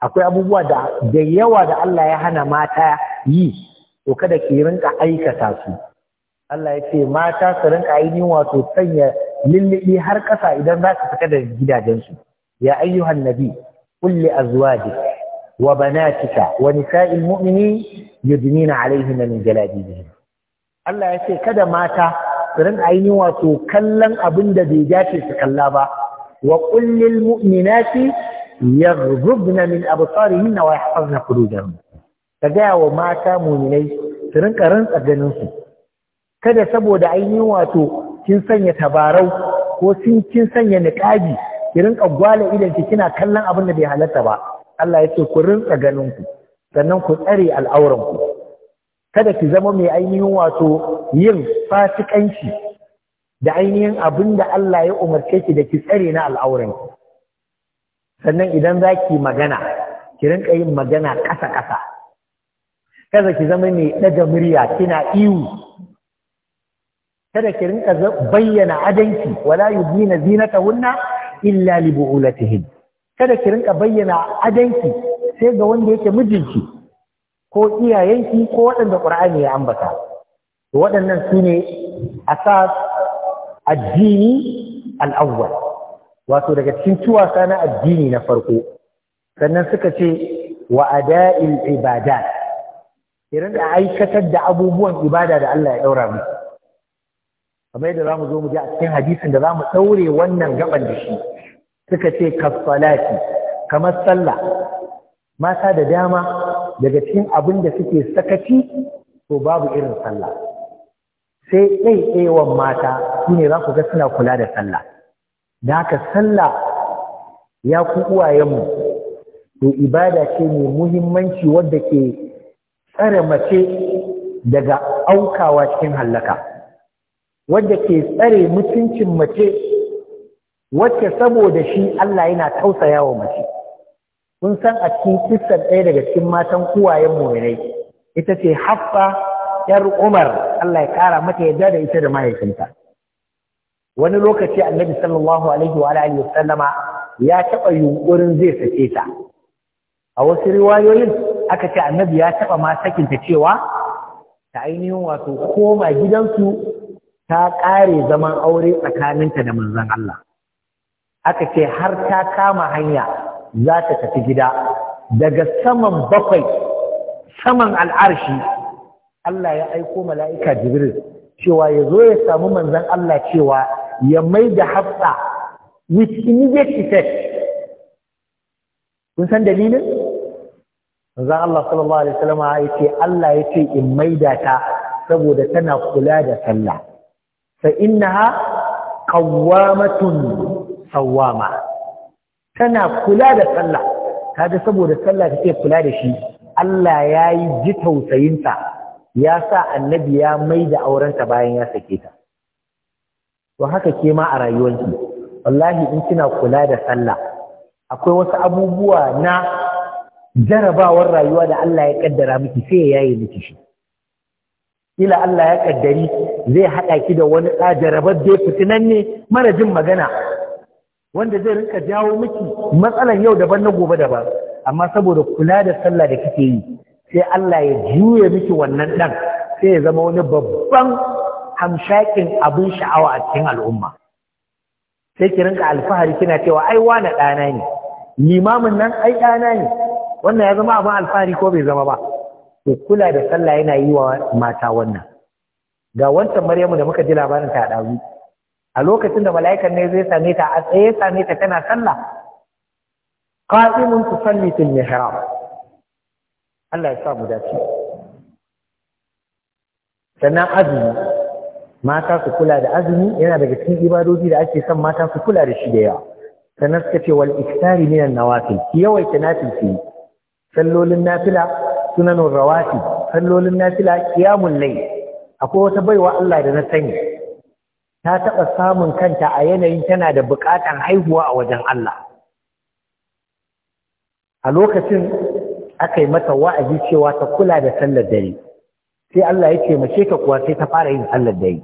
akwai abubuwa da yawa da Allah ya hana mata yi to kada ki rinka aikata su Allah ya ce mata su rinka aini wato sanya lillibi har ƙasa idan za su fita da gidajensu ya ayyuhan nabi kulli azwajik Wa bana wani وبناتك ونساء المؤمنين يدنين عليهن من جلابيبهن Allah ya ce kada mata su rinka wato kallon abin da bai dace su kalla ba wa kullil mu'minati yaghdubna min absarihinna wa yahfazna furujahun ka gaya wa mata mu'minai su rinka rantsa ganinsu. kada saboda ainihin wato kin sanya tabarau ko kin sanya niqabi ki rinƙa gwale idan ki kina kallon abin da bai halarta ba Allah ya ce ku rinsa ganinku sannan ku tsare al'auranku kada ki zama mai ainihin wato yin fasikanci da ainihin abin da Allah ya umarce ki da ki tsare na al'auranki sannan idan za ki magana ki rinka yin magana ƙasa-ƙasa kada ki zama mai ɗaga murya kina iwu kada ki rinka bayyana adanki wala yubina zinatahunna illa li bu'ulatihin kada ki rinka bayyana adanki sai ga wanda yake mijinki ko iyayenki ko waɗanda ƙur'ani ya ambata to waɗannan su ne asas addini al'awwal wato daga cikin ciwasa na addini na farko sannan suka ce wa ada'il ibadat irin da aikatar da abubuwan ibada da Allah ya ɗaura mu kamar yadda zamu zo mu ji a cikin hadisin da za mu daure wannan gaban da shi suka ce kasalati kamar sallah mata da dama daga cikin abin da suke sakaci to babu irin sallah sai ɗaiɗaiwan mata su ne za ku ga suna kula da sallah da haka sallah ya ku uwayenmu to ibada ce mai muhimmanci wadda ke tsare mace daga aukawa cikin hallaka wadda ke tsare mutuncin mace wacce saboda shi Allah yana tausaya wa mace kun san a cikin kissan ɗaya daga cikin matan kuwayen mu'minai ita ce haffa yar umar Allah ya kara mata yadda da ita da mahaifinta wani lokaci annabi sallallahu alaihi wa alihi wasallama ya taɓa yunkurin zai sake ta a wasu riwayoyin aka ce annabi ya taɓa ma sakinta cewa ta ainihin wato koma gidansu ta ƙare zaman aure tsakaninta da manzon Allah aka ce har ta kama hanya za ta tafi gida daga saman bakwai saman al'arshi Allah ya aiko mala'ika Jibril cewa ya zo ya samu manzan Allah cewa ya mai da hafsa with immediate effect kun san dalilin? manzan Allah sallallahu Alaihi wasallama ya ce Allah ya ce in maida ta saboda tana kula da sallah fa innaha qawwamatun sawama tana kula da sallah kaga saboda sallah take kula da shi Allah ya yi ji tausayinta ya sa annabi ya mai da aurenta bayan ya sake ta to haka ke ma a rayuwarki wallahi in kina kula da sallah akwai wasu abubuwa na jarabawar rayuwa da Allah ya kaddara miki sai ya yaye miki shi Ila Allah ya kaddari zai haɗa ki da wani ɗa jarabar da ne mara jin magana wanda zai rinka jawo miki matsalan yau daban na gobe daban amma saboda kula da sallah da kike yi sai Allah ya juye miki wannan dan sai ya zama wani babban hamshakin abin sha'awa a cikin al'umma sai ki rinka alfahari kina cewa ai wani ɗana ne limamin nan ai ɗana ne wannan ya zama abin alfahari ko bai zama ba to kula da sallah yana yi wa mata wannan ga wancan maryamu da muka ji labarin ta a ɗazu a lokacin da mala'ikan ne zai same ta a tsaye same ta tana sallah qa'imun tusalli fil mihrab Allah ya sa mu dace sannan azumi mata su kula da azumi yana daga cikin ibadoji da ake son mata su kula da shi da yawa sannan suka ce wal iktari minan nawafil ki yawaita nafil ki sallolin nafila sunanun rawati sallolin nafila qiyamul layl akwai wata baiwa Allah da na sani ta taɓa samun kanta a yanayin tana da buƙatar haihuwa a wajen Allah a lokacin aka yi mata wa'azi cewa ta kula da sallar dare sai Allah ya ce mace ta kuwa sai ta fara yin sallar dare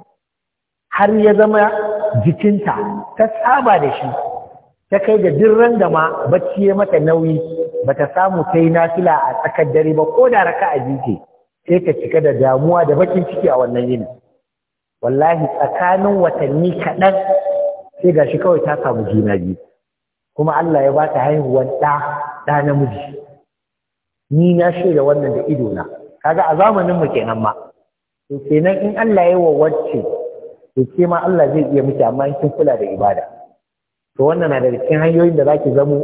har ya zama jikinta ta saba da shi ta kai da dirran da ma bacci ya mata nauyi ba ta samu ta yi nafila a tsakar dare ba ko da raka a jike sai ta cika da damuwa da bakin ciki a wannan yini wallahi tsakanin watanni kaɗan sai ga shi kawai ta samu juna biyu kuma Allah ya bata haihuwar ɗa ɗa namiji ni na shaida wannan da ido na kaga a zamanin mu kenan ma to kenan in Allah ya wacce, to ke ma Allah zai iya miki amma in kin kula da ibada to wannan na daga cikin hanyoyin da zaki zamo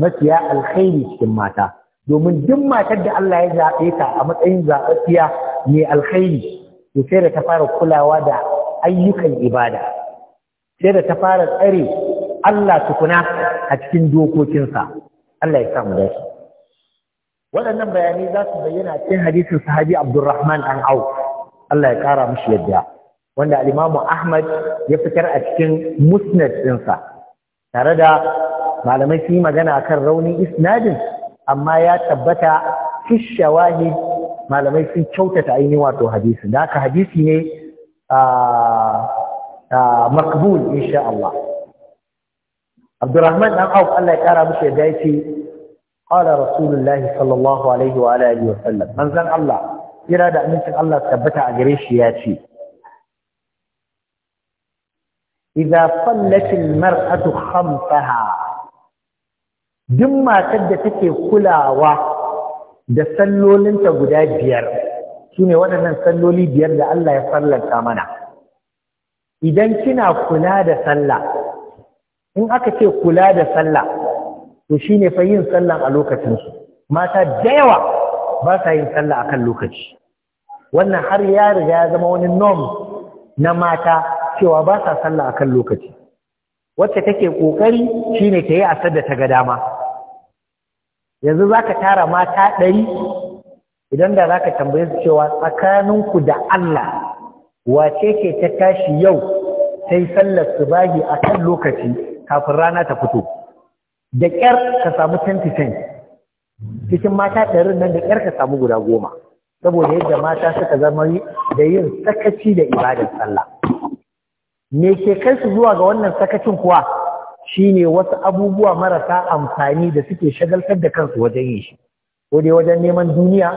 mafiya alkhairi cikin mata domin duk matar da Allah ya zaɓe ta a matsayin zaɓaɓɓiya mai alkhairi to sai da ta fara kulawa da ayyukan ibada sai da ta fara tsare Allah tukuna a cikin dokokinsa Allah ya samu dashi waɗannan bayanai za su bayyana cikin hadisin sahabi Abdurrahman an au Allah ya kara mishi yadda wanda al-Imam Ahmad ya fitar a cikin musnad ɗinsa tare da malamai su yi magana akan raunin isnadin amma ya tabbata fi shawahid malamai sun kyautata ainihin wato hadisi da haka hadisi ne makbul insha Allah Abdurrahman dan Auf Allah ya kara mishi da yace qala Rasulullah sallallahu alaihi wa alihi wa sallam manzon Allah kira da amincin Allah tabbata a gare shi ya ce idza sallat al-mar'atu khamsaha duk matar da take kulawa da sallolinta guda biyar su ne waɗannan salloli biyar da Allah ya sallanta mana idan kina kula da sallah in aka ce kula da sallah to shi ne fa yin sallah a lokacinsu mata da yawa ba sa yin sallah akan lokaci wannan har ya riga ya zama wani nom na mata cewa ba sa sallah akan lokaci wacce take kokari ne ta yi asar da ta ga dama yanzu za ka tara mata ɗari idan da za ka tambaye su cewa tsakaninku da Allah wace ke ta tashi yau sai sallar su a kan lokaci kafin rana ta fito da ƙyar ka samu 10% cikin mata ɗarin nan da ƙyar ka samu guda goma saboda yadda mata suka zama da yin sakaci da ibadar sallah me ke kai su zuwa ga wannan sakacin kuwa Shi ne wasu abubuwa marasa amfani da suke shagaltar da kansu wajen yin shi ko dai wajen neman duniya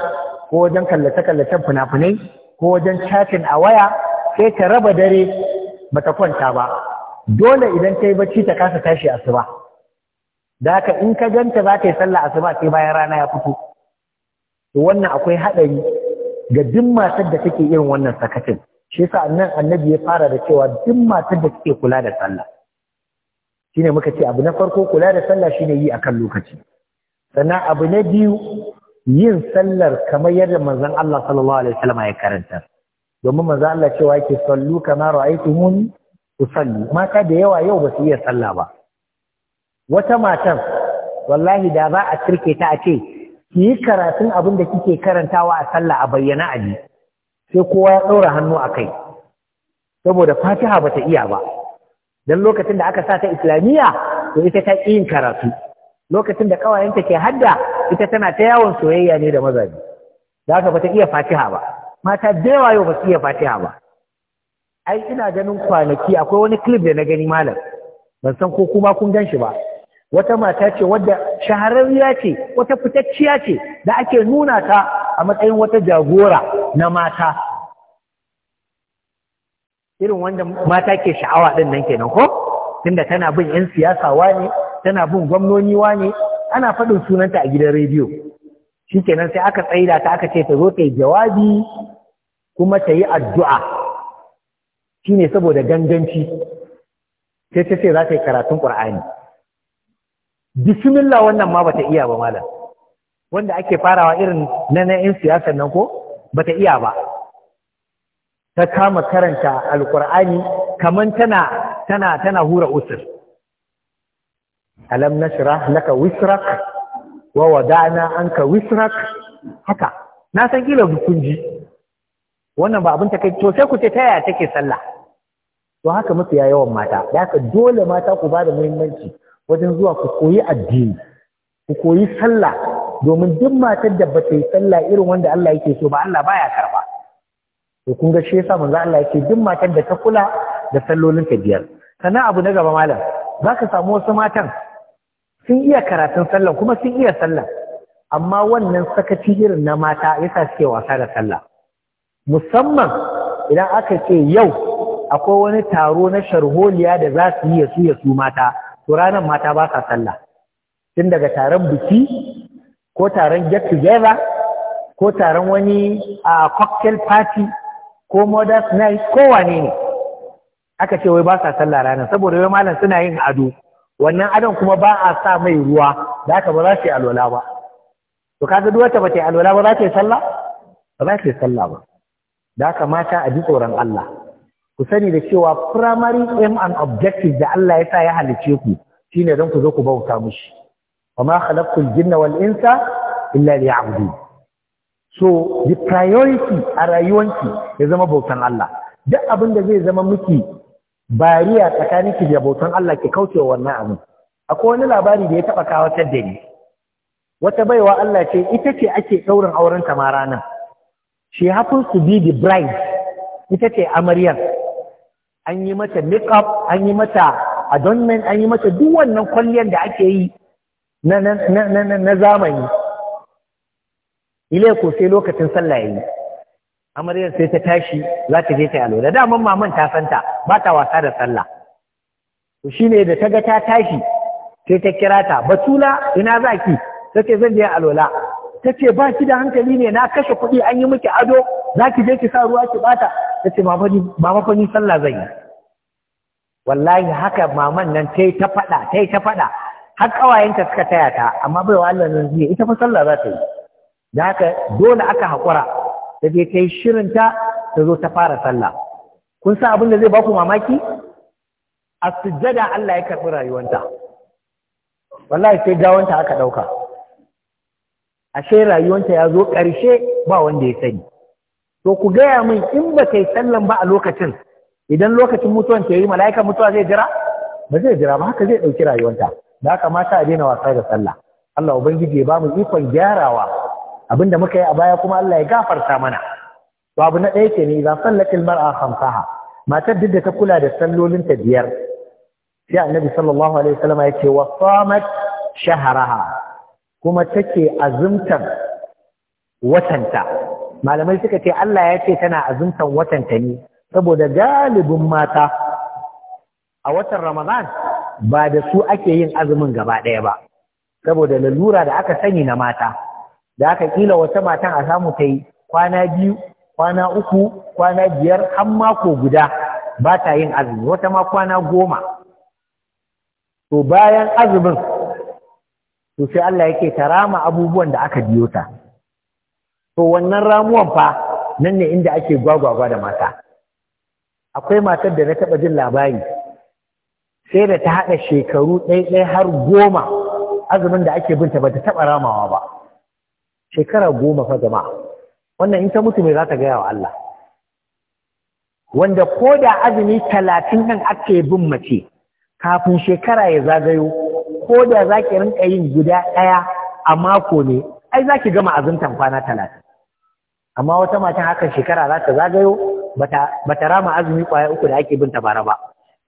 ko wajen kallace-kallacen fina-finai ko wajen chatting a waya sai ka raba dare ba ta kwanta ba dole idan ta yi bacci ta kasa tashi asuba da haka in ka ganta za ka yi sallah asuba sai bayan rana ya fito to wannan akwai haɗari ga duk matar da take irin wannan sakacin shi yasa annan annabi ya fara da cewa duk matar da take kula da sallah shine muka ce abu na farko kula da sallah shine yi akan lokaci sannan abu na biyu yin sallar kamar yadda manzon Allah sallallahu alaihi wasallam ya karanta domin manzon Allah cewa yake sallu kama ra'aytumuni usalli mata da yawa yau ba su iya sallah ba wata matan wallahi da za a tirke ta a ce ki yi karatun abin da kike karantawa a sallah a bayyana a ji sai kowa ya ɗaura hannu a kai saboda fatiha ba ta iya ba don lokacin da aka sa ta islamiyya to ita ta yin karatu lokacin da ƙawayenta ke hadda ita tana ta yawon soyayya ne da mazaje za ka ba ta iya fatiha ba mata da yau ba su iya fatiha ba ai ina ganin kwanaki akwai wani clip da na gani malam ban san ko kuma kun gan shi ba wata mata ce wadda shahararriya ce wata fitacciya ce da ake nuna ta a matsayin wata jagora na mata irin wanda mata ke sha'awa ɗin nan kenan ko tunda tana bin 'yan siyasa wane tana bin gwamnoni wane ana faɗin sunanta a gidan rediyo shikenan sai aka tsaida ta aka ce ta zo ta yi jawabi kuma ta yi addu'a shine saboda ganganci sai ta ce za ta yi karatun ƙur'ani bismillah wannan ma bata iya ba malam wanda ake farawa irin na na 'yan siyasar nan ko bata iya ba ta kama karanta alkur'ani kaman tana tana tana hura usur alam nashrah laka wisrak wa wada'na anka wisrak haka na san kila kun wannan ba abin take to sai ku ce ta yaya take sallah to haka musu ya yawan mata da haka dole mata ku ba da muhimmanci wajen zuwa ku koyi addini ku koyi sallah domin duk matar da ba ta yi sallah irin wanda Allah yake so ba Allah baya karba to kun ga shi yasa manzo Allah yake duk matan da ta kula da sallolin ta biyar sannan abu na gaba malam zaka samu wasu matan sun iya karatun sallah kuma sun iya sallah amma wannan sakaci irin na mata yasa suke wasa da sallah musamman idan aka ce yau akwai wani taro na sharholiya da za su yi ya su ya su mata to ranar mata ba sa sallah tun daga taron biki ko taron get together ko taron wani a cocktail party ko modern night ko kowane ne aka ce wai ba sa sallah ranar saboda wai malam suna yin ado wannan adon kuma ba a sa mai ruwa da haka ba za su yi alwala ba to kaga duk wata ba ta alwala ba za ta yi sallah ba za ta yi sallah ba da haka mata a ji tsoron Allah ku sani da cewa primary aim and objective da Allah ya sa ya halice ku shine don ku zo ku bauta mushi wa ma khalaqtul jinna wal insa illa liya'budun so the priority a rayuwanki ya zama bautan Allah duk abin da zai zama miki bariya tsakanin ki da bautan Allah ki kaucewa wannan abin akwai wani labari da ya taɓa kawatar da ni wata baiwa Allah ce ita ce ake ɗaurin auren ta ma ranar she happens to be the bride ita ce amaryar an yi mata makeup an yi mata adornment an yi mata duk wannan kwalliyar da ake yi na zamani ile ko sai lokacin sallah yayi amaryar sai ta tashi za ta je ta da daman maman ta santa ba ta wasa da sallah to shine da ta ga ta tashi sai ta kira ta batula ina zaki take zan je alola. tace ba ki da hankali ne na kashe kuɗi an yi miki ado zaki je ki sa ruwa ki bata Ta ce ni mama fa ni sallah zan yi wallahi haka maman nan tai ta fada tai ta faɗa. har kawayenta suka taya ta amma bai wa Allah nan ita fa sallah za ta yi da haka dole aka haƙura da zai kai shirinta ta zo ta fara sallah kun san abin da zai baku mamaki a sujjada Allah ya karɓi rayuwanta wallahi sai gawanta aka ɗauka ashe rayuwanta ya zo ƙarshe ba wanda ya sani to ku gaya min in ba kai sallan ba a lokacin idan lokacin mutuwan ta yi mala'ika mutuwa zai jira ba zai jira ba haka zai ɗauki rayuwanta da haka mata a daina wasa da sallah Allah ubangiji ya ba mu ikon gyarawa abinda muka yi a baya kuma Allah ya gafarta mana to abu na ɗaya ke ne za sallatil mar'a khamsaha matar duk da ta kula da sallolin ta biyar sai annabi sallallahu alaihi wasallam ya ce wa samat shahraha kuma take azumtar watanta malamai suka ce Allah ya ce tana azumtan watanta ne saboda galibin mata a watan Ramadan ba da su ake yin azumin gaba ɗaya ba saboda lalura da aka sani na mata da aka kila wata matan a samu ta yi kwana biyu kwana uku kwana biyar har mako guda ba ta yin azumi wata ma kwana goma to bayan azumin to sai Allah yake ta rama abubuwan da aka biyo ta to wannan ramuwan fa nan ne inda ake gwagwagwa da mata akwai matar da na taɓa jin labari sai da ta haɗa shekaru ɗaya ɗaya har goma azumin da ake binta ba ta taɓa ramawa ba shekara goma fa jama'a wannan in ta mutu mai za ta gaya wa Allah wanda ko da azumi talatin ɗin ake bin mace kafin shekara ya zagayo ko da za ki rinka yin guda ɗaya a mako ne ai za ki gama azumtan kwana talatin amma wata matan hakan shekara za ta zagayo bata ta rama azumi kwaya uku da ake bin ta bara ba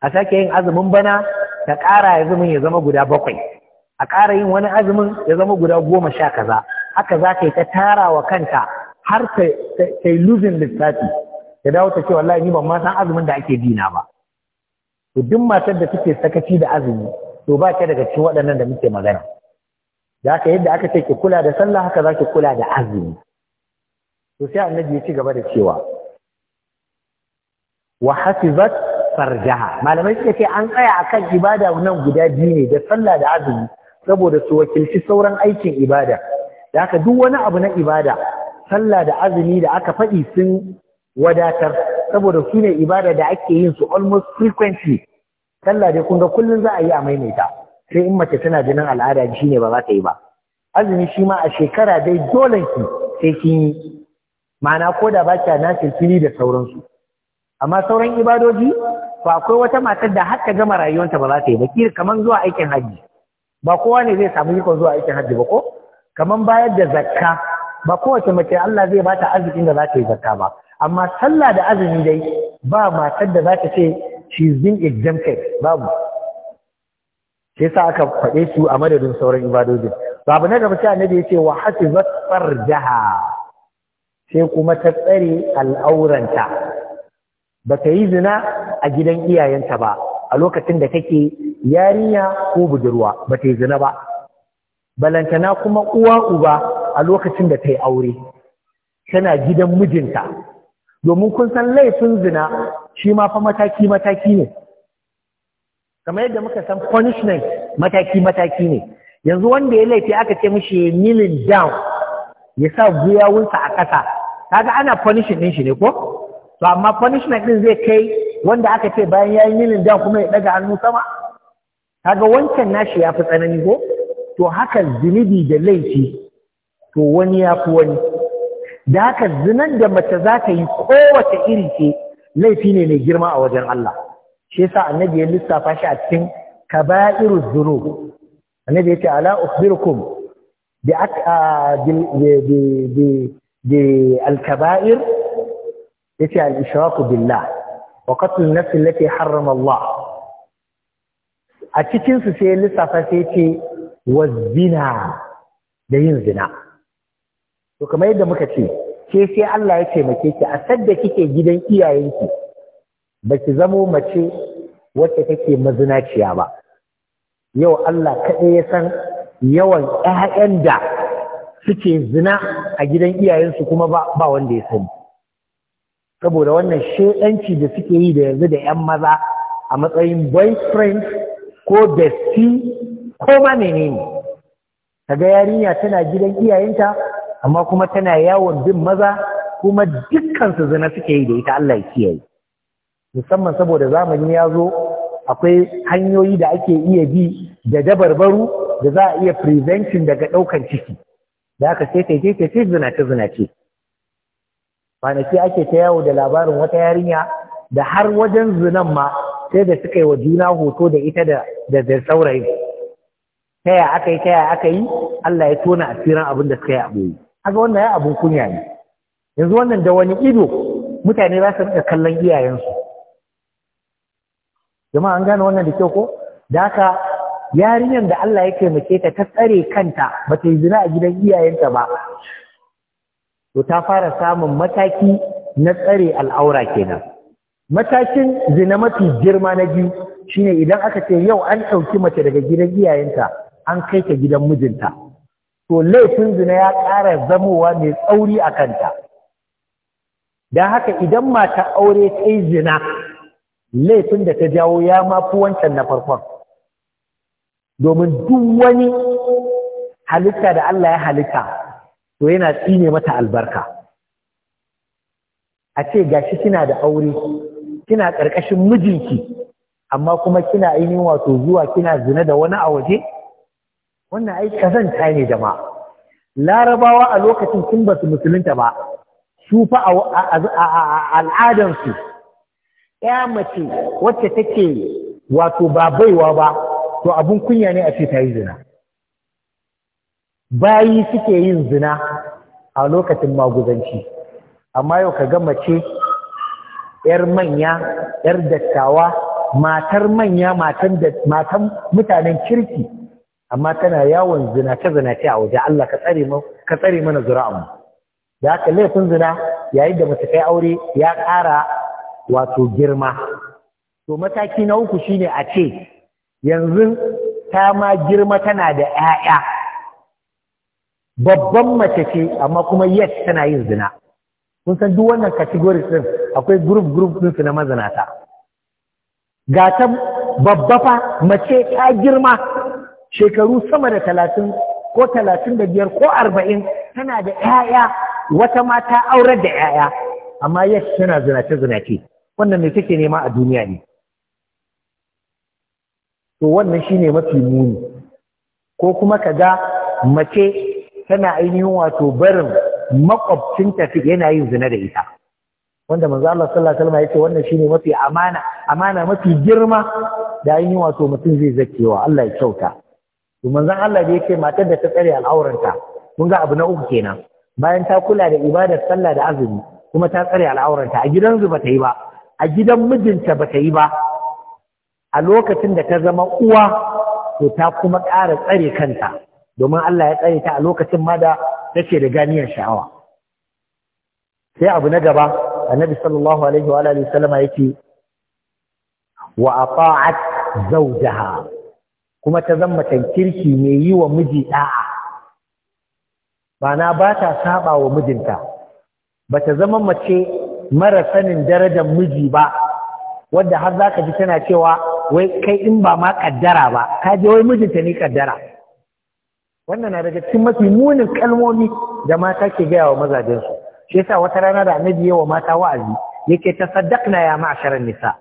a sake yin azumin bana ta ƙara azumin ya zama guda bakwai a ƙara yin wani azumin ya zama guda goma sha kaza haka za ka yi ta tara wa kanta har ta yi luzin lissafi ta dawo ta ce wallahi ni ban ma san azumin da ake dina ba to duk matar da take sakaci da azumi to ba ta daga cikin waɗannan da muke magana za ka yadda aka ce ki kula da sallah haka za ki kula da azumi to sai annabi ya ci gaba da cewa wa hafizat farjaha malamai suka ce an tsaya akan ibada nan guda biyu ne da sallah da azumi saboda su wakilci sauran aikin ibada da haka duk wani abu na ibada sallah da azumi da aka faɗi sun wadatar saboda su ne ibada da ake yin su almost frequently sallah dai kun ga kullum za a yi a maimaita sai in mace tana jinin al'ada shi ne ba za ta yi ba azumi shi ma a shekara dai dole ki sai kin yi ma'ana ko da ba kya nasin fili da sauransu amma sauran ibadoji ba akwai wata matar da har ta gama rayuwarta ba za ta yi ba kamar zuwa aikin hajji ba kowa ne zai samu ikon zuwa aikin hajji ba ko kaman bayar da zakka ba kowace mace Allah zai bata arzikin da za ta yi zakka ba amma sallah da azumi dai ba matar da za ta ce she is being exempted babu sai sa aka faɗe su a madadin sauran ibadojin babu na gaba sai annabi ya ce wa hasibat farjaha sai kuma ta tsare al'auranta ba ta yi zina a gidan iyayenta ba a lokacin da take yarinya ko budurwa ba ta yi zina ba balantana kuma uwa uba a lokacin da ta yi aure tana gidan mijinta domin kun san laifin zina shi ma fa mataki-mataki ne kamar yadda muka san punishment mataki-mataki ne yanzu wanda ya laifi aka ce mishi kneeling down ya sa guyawunsa a ƙasa kaga ana punishment ɗin shi ne ko to amma punishment ɗin zai kai wanda aka ce bayan ya yi kneeling down kuma ya ɗaga hannu sama kaga wancan nashi ya fi tsanani ko to haka zunubi da laifi to wani ya fi wani da haka zinan da mace za ta yi kowace iri ce laifi ne mai girma a wajen Allah shi yasa annabi ya lissafa shi a cikin Kabairu zunub annabi yace ala ukhbirukum bi bi bi al-kaba'ir yace al-ishraku billah wa qatl nafs allati harrama Allah a cikin su sai lissafa sai yace wazina da yin zina to kamar yadda muka ce ke sai Allah ya taimake ki a sadda kike gidan iyayenki ba ki zamo mace wacce take mazinaciya ba yau Allah kaɗai ya san yawan ƴaƴan da suke zina a gidan iyayensu kuma ba wanda ya sani saboda wannan shaɗanci da suke yi da yanzu da 'yan maza a matsayin boyfriend ko bestie ko ma menene kaga yarinya tana gidan iyayenta amma kuma tana yawon bin maza kuma dukkansu zina suke yi da ita Allah ya kiyaye musamman saboda zamani ya zo akwai hanyoyi da ake iya bi da dabarbaru da za a iya prevention daga ɗaukan ciki da aka sai kai kai sai zinace zinace kwanaki ake ta yawo da labarin wata yarinya da har wajen zinan ma sai da suka yi wa juna hoto da ita da da saurayin ta ya aka yi ta ya aka yi Allah ya tona asirin abin da suka yi a boye Haka wannan ya abun kunya ne yanzu wannan da wani ido mutane za su rika kallon iyayensu jama'a an gane wannan da kyau ko da haka yarinyar da Allah ya taimake ta ta tsare kanta ba ta yi zina a gidan iyayenta ba to ta fara samun mataki na tsare al'aura kenan matakin zina mafi girma na biyu shine idan aka ce yau an ɗauki mace daga gidan iyayenta an kai ta gidan mijinta to laifin zina ya ƙara zamowa mai tsauri a kanta don haka idan mata aure ta yi zina laifin da ta jawo ya mafi wancan na farkon domin duk wani halitta da Allah ya halitta to yana tsine mata albarka a ce gashi kina da aure kina ƙarƙashin mijinki amma kuma kina ainihin wato zuwa kina zina da wani a waje wannan ai kazanta ne jama'a larabawa a lokacin sun ba su musulunta ba su fa a al'adansu ya mace wacce take wato ba baiwa ba to abun kunya ne a ce ta yi zina bayi suke yin zina a lokacin maguzanci amma yau ka ga mace ‘yar manya, ‘yar dattawa, matar manya, matan mutanen kirki, amma tana yawon zinace zinace a waje Allah ka tsare mu ka tsare mana zura'an mu da aka laifin zina yayin da mace kai aure ya kara wato girma to mataki na uku shine a ce yanzu ta ma girma tana da 'ya'ya babban mace ce amma kuma yes tana yin zina kun san duk wannan categories din akwai group group din su na mazanata. ga ta babba fa mace ta girma shekaru sama da talatin ko talatin da biyar ko arba'in tana da 'ya'ya wata mata aurar da 'ya'ya amma yes tana zinace-zinace wannan mai take nema a duniya ne to wannan shine mafi muni ko kuma ka ga mace tana ainihin wato barin makwabcin tafi. yana yin zina da ita wanda manzo Allah sallallahu alaihi wasallam yace wannan shine mafi amana amana mafi girma da ainihin wato mutum zai zakewa Allah ya kyauta Domin manzon Allah da ce matar da ta tsare al'auranta kun ga abu na uku kenan bayan ta kula da ibadar sallah da azumi kuma ta tsare al'auranta a gidansu ba ta yi ba a gidan mijinta bata yi ba a lokacin da ta zama uwa to ta kuma ƙara tsare kanta domin Allah ya tsare ta a lokacin ma da take da ganiyar sha'awa sai abu na gaba annabi sallallahu alaihi wa alihi wasallama yake wa ata'at zawjaha kuma ta zama kirki mai yi wa miji da'a ba na ba ta saba wa mijinta ba ta zama mace mara sanin darajar miji ba wadda har za ka ji tana cewa wai kai in ba ma kaddara ba ka je wai mijinta ne kaddara wannan na daga cikin mafi munin kalmomi da mata ke gaya wa mazajensu shi yasa wata rana da annabi yawa mata wa'azi yake ta sadakna ya ma'asharan nisa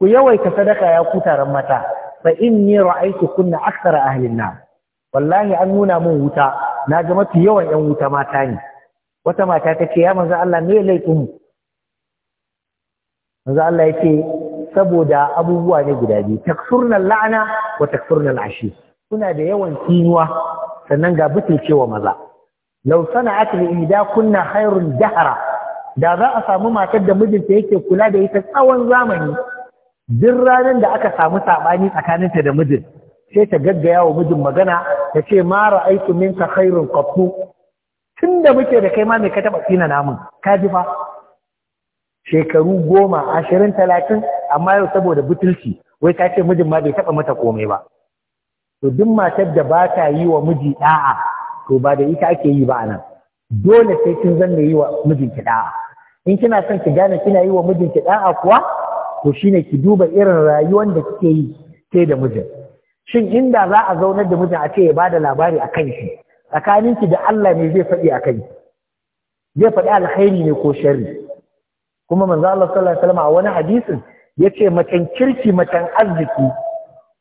ku yawaita sadaka ya ku taron mata fa inni ra'aytu kunna akthara ahli an-nar wallahi an nuna mun wuta na ga mafi yawan yan wuta mata ne wata mata ta ce ya manzo Allah me laifin manzo Allah yace saboda abubuwa ne guda biyu takfurna la'ana wa takfurna al-ashi kuna da yawan tinuwa sannan ga butulcewa maza law sana'at al-ida kunna khairun dahra da za a samu matar da mijinta yake kula da ita tsawon zamani duk ranar da aka samu saɓani tsakaninta da mijin sai ta gaggaya wa mijin magana ta ce ma ka minka khairun tun tunda muke da kai ma me ka taba tsina namun ka ji fa shekaru goma ashirin talatin amma yau saboda butulci wai ta ce mijin ma bai taɓa mata komai ba to duk matar da ba ta yi wa miji ɗa'a to ba da ita ake yi ba a nan dole sai kin zanna yi wa mijinki ɗa'a in kina son ki gane kina yi wa mijinki ɗa'a kuwa to ne ki duba irin rayuwar da kike yi ke da mijin shin inda za a zaunar da mijin a ce ya bada labari a shi tsakaninki da Allah ne zai faɗi a kai zai faɗi alkhairi ne ko sharri kuma manzo Allah sallallahu alaihi wasallam a wani hadisin yace macen kirki macen arziki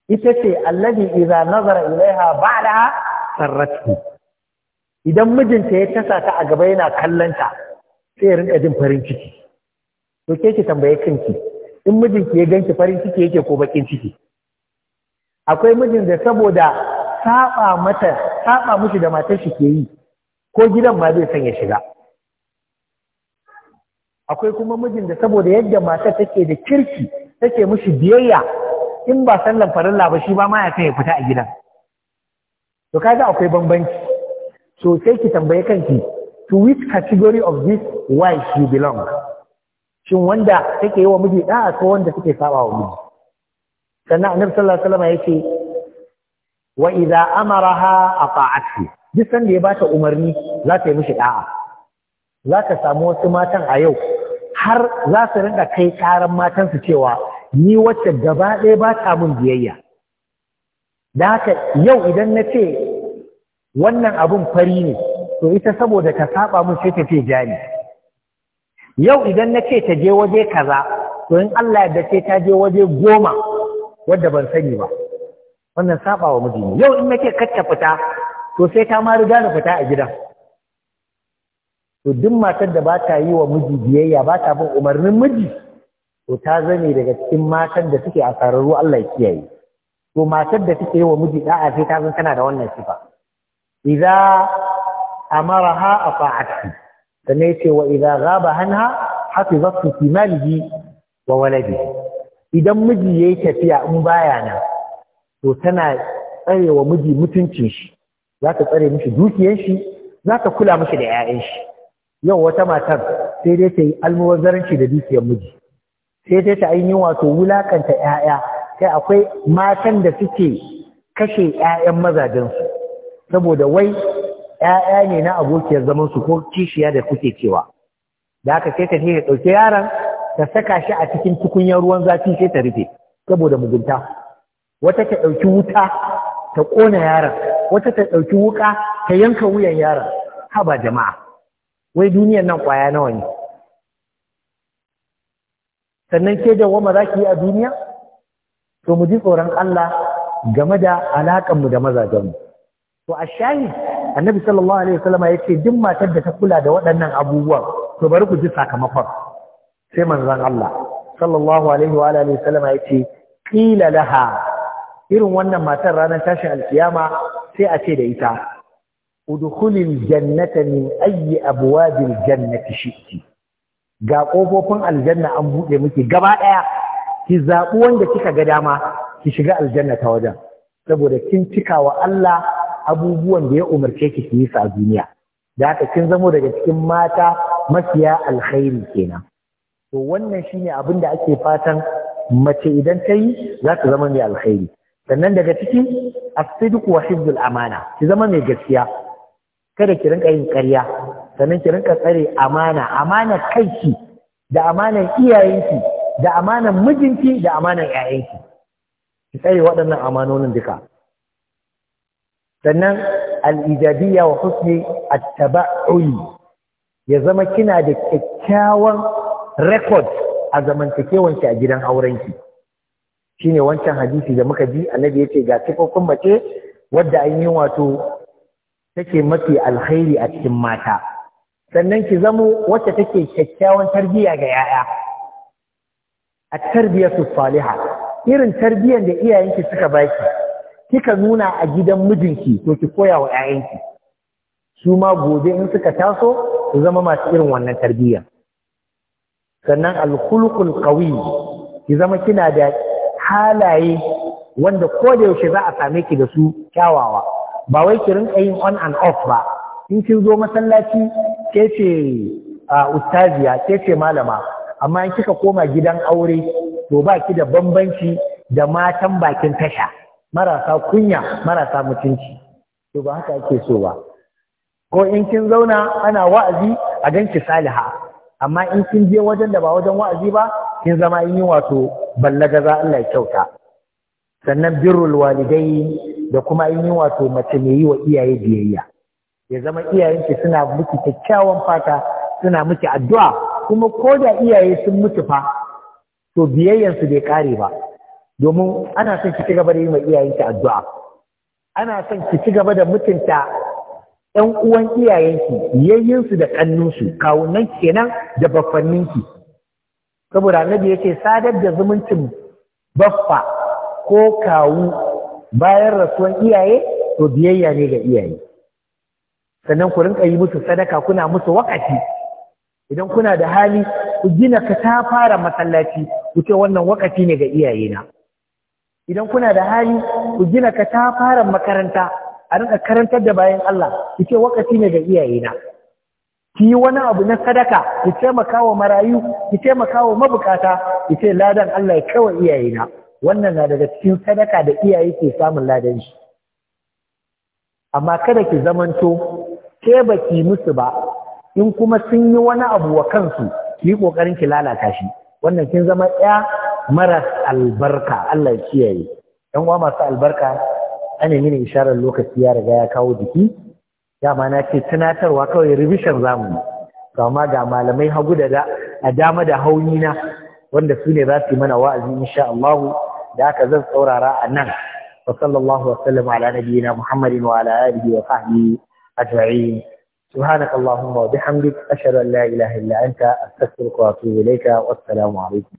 ita ce alladhi idza nazara ilaiha ba'daha sarratu idan mijinta ya tasa ta a gaba yana kallanta sai ya rinka jin farin ciki to ke ki tambaye kanki in mijinki ya ganki farin ciki yake ko bakin ciki akwai mijin da saboda saba mata saba mishi da matar shi ke yi ko gidan ma zai sanya ya shiga akwai kuma mijin da saboda yadda matar take da kirki take mishi biyayya in ba sallan farilla ba shi ba ma ya kai ya fita a gidan to kaga akwai bambanci so sai ki tambaye kanki to which category of this wife you belong shin wanda take yi wa miji da'a ko wanda take saba wa miji sannan annabi sallallahu alaihi wasallam yake wa idza amaraha ata'atki duk sanda ya bata umarni za ta yi mishi da'a za ka samu wasu matan a yau har za su rinka kai karan matan su cewa ni wacce gaba ɗaya ba ta mun biyayya da haka yau idan na ce wannan abun fari ne to ita saboda ta saba mun sai ta ce jani yau idan na ce ta je waje kaza to in Allah ya ce ta je waje goma wadda ban sani ba wannan saba wa miji yau in nake ce kar ta fita to sai ta ma riga na fita a gidan to duk matar da ba ta yi wa miji biyayya ba ta bin umarnin miji to ta zame daga cikin matan da suke asararru Allah ya kiyaye to matar da take yi wa miji da'a sai ta zan tana da wannan sifa idza amaraha afa'atki sannan yace wa idza ghaba anha hafizatu fi malihi wa waladi idan miji yayi tafiya in baya nan to tana tsare wa miji mutuncin shi za ta tsare mishi dukiyar shi za ta kula mishi da 'ya'yan shi yau wata matar sai dai ta yi almuwazzaranci da dukiyar miji sai dai ta ainihin wato wulakanta 'ya'ya sai akwai matan da suke kashe 'ya'yan mazajensu saboda wai yaya ne na abokiyar zaman su ko kishiya da kuke cewa da ka sai ta je ta ɗauki yaron ta saka shi a cikin tukunyar ruwan zafi sai ta rufe saboda mugunta wata ta ɗauki wuta ta ƙona yaron wata ta ɗauki wuka ta yanka wuyan yaron haba jama'a wai duniyar nan ƙwaya nawa ne sannan ke da wama za ki yi a duniya to mu ji tsoron Allah game da alaƙanmu da mazajenmu to a shayi annabi sallallahu alaihi wasallam ya ce duk matar da ta kula da waɗannan abubuwan to bari ku ji sakamakon sai manzon Allah sallallahu alaihi wa alihi wasallam ya ce qila laha irin wannan matar ranar tashin alkiyama sai a ce da ita udkhulil jannata min ayyi abwabil jannati shi'ti ga kofofin aljanna an buɗe miki gaba ɗaya ki zaɓi wanda kika ga dama ki shiga aljanna ta wajen saboda kin cika wa Allah abubuwan da ya umarce ki ki yi su a duniya da haka kin zamo daga cikin mata mafiya alkhairi kenan to wannan shine abin da ake fatan mace idan ta yi za ta zama mai alkhairi sannan daga ciki asidiku wa amana ki zama mai gaskiya kada ki rinka yin ƙarya sannan ki rinka tsare amana amana ki da amanan iyayenki da amanan mijinki da amanan ƴaƴanki ki tsare waɗannan amanonin duka sannan al'ijabiya wa husni attaba'uli ya zama kina da kyakkyawan rekod a zamantakewanki a gidan aurenki Shi ne wancan hadisi da muka ji annabi yace ga cikakkun mace wadda an yi wato take mafi alkhairi a cikin mata sannan ki zamo wacce take kyakkyawan tarbiyya ga yaya a su salihah irin tarbiyyar da iyayenki suka baki kika nuna a gidan mijinki to ki koya wa 'ya'yanki su ma gobe in suka taso su zama masu irin wannan tarbiyya sannan alkhulqul qawi ki zama kina da halaye wanda ko da yaushe za a same ki da su kyawawa ba wai ki rinka yin on and off ba in kin zo masallaci ke ce ustaziya ke ce malama amma in kika koma gidan aure to ba ki da bambanci da matan bakin tasha marasa kunya marasa mutunci to ba haka ake so ba ko in kin zauna ana wa'azi a ganki saliha amma in kin je wajen da ba wajen wa'azi ba kin zama yin wato za Allah ya kyauta sannan birrul walidai da kuma yin wato mace mai yi wa iyaye biyayya ya zama iyayenki suna miki kyakkyawan fata suna miki addu'a kuma ko da iyaye sun mutu fa to biyayyansu bai kare ba domin ana son ki ci da yi ma iyayenki addu'a ana son ki ci gaba da mutunta ƴan uwan iyayenki su da ƙannunsu kawunan kenan da baffanninki saboda annabi yake sadar da zumuncin baffa ko kawu bayan rasuwan iyaye to biyayya ne ga iyaye sannan ku rinka yi musu sadaka kuna musu wakati idan kuna da hali ku gina ka ta fara masallaci ku ce wannan wakati ne ga iyayena idan kuna da hali ku gina katafaren makaranta a rinka karantar da bayan Allah ki ce wakati ne ga iyayena ki yi wani abu na sadaka ki taimaka wa marayu ki taimaka wa mabukata ki ce ladan Allah ya kawo iyayena wannan na daga cikin sadaka da iyaye ke samun ladan shi amma kada ki zamanto ke baki musu ba in kuma sun yi wani abu wa kansu ki yi kokarin ki lalata shi wannan kin zama ɗaya maras albarka Allah ya kiyaye yan uwa masu albarka an yi mini isharar lokaci ya riga ya kawo jiki dama na ce tunatarwa kawai revision zamu to amma ga malamai hagu da a dama da hauni na wanda su ne za su yi mana wa'azi insha Allah da aka zan saurara a nan wa sallallahu wa sallam ala nabiyyina Muhammadin wa ala alihi wa sahbihi ajma'in سبحانك اللهم وبحمدك أشهد أن لا إله إلا أنت أستغفرك وأتوب إليك والسلام عليكم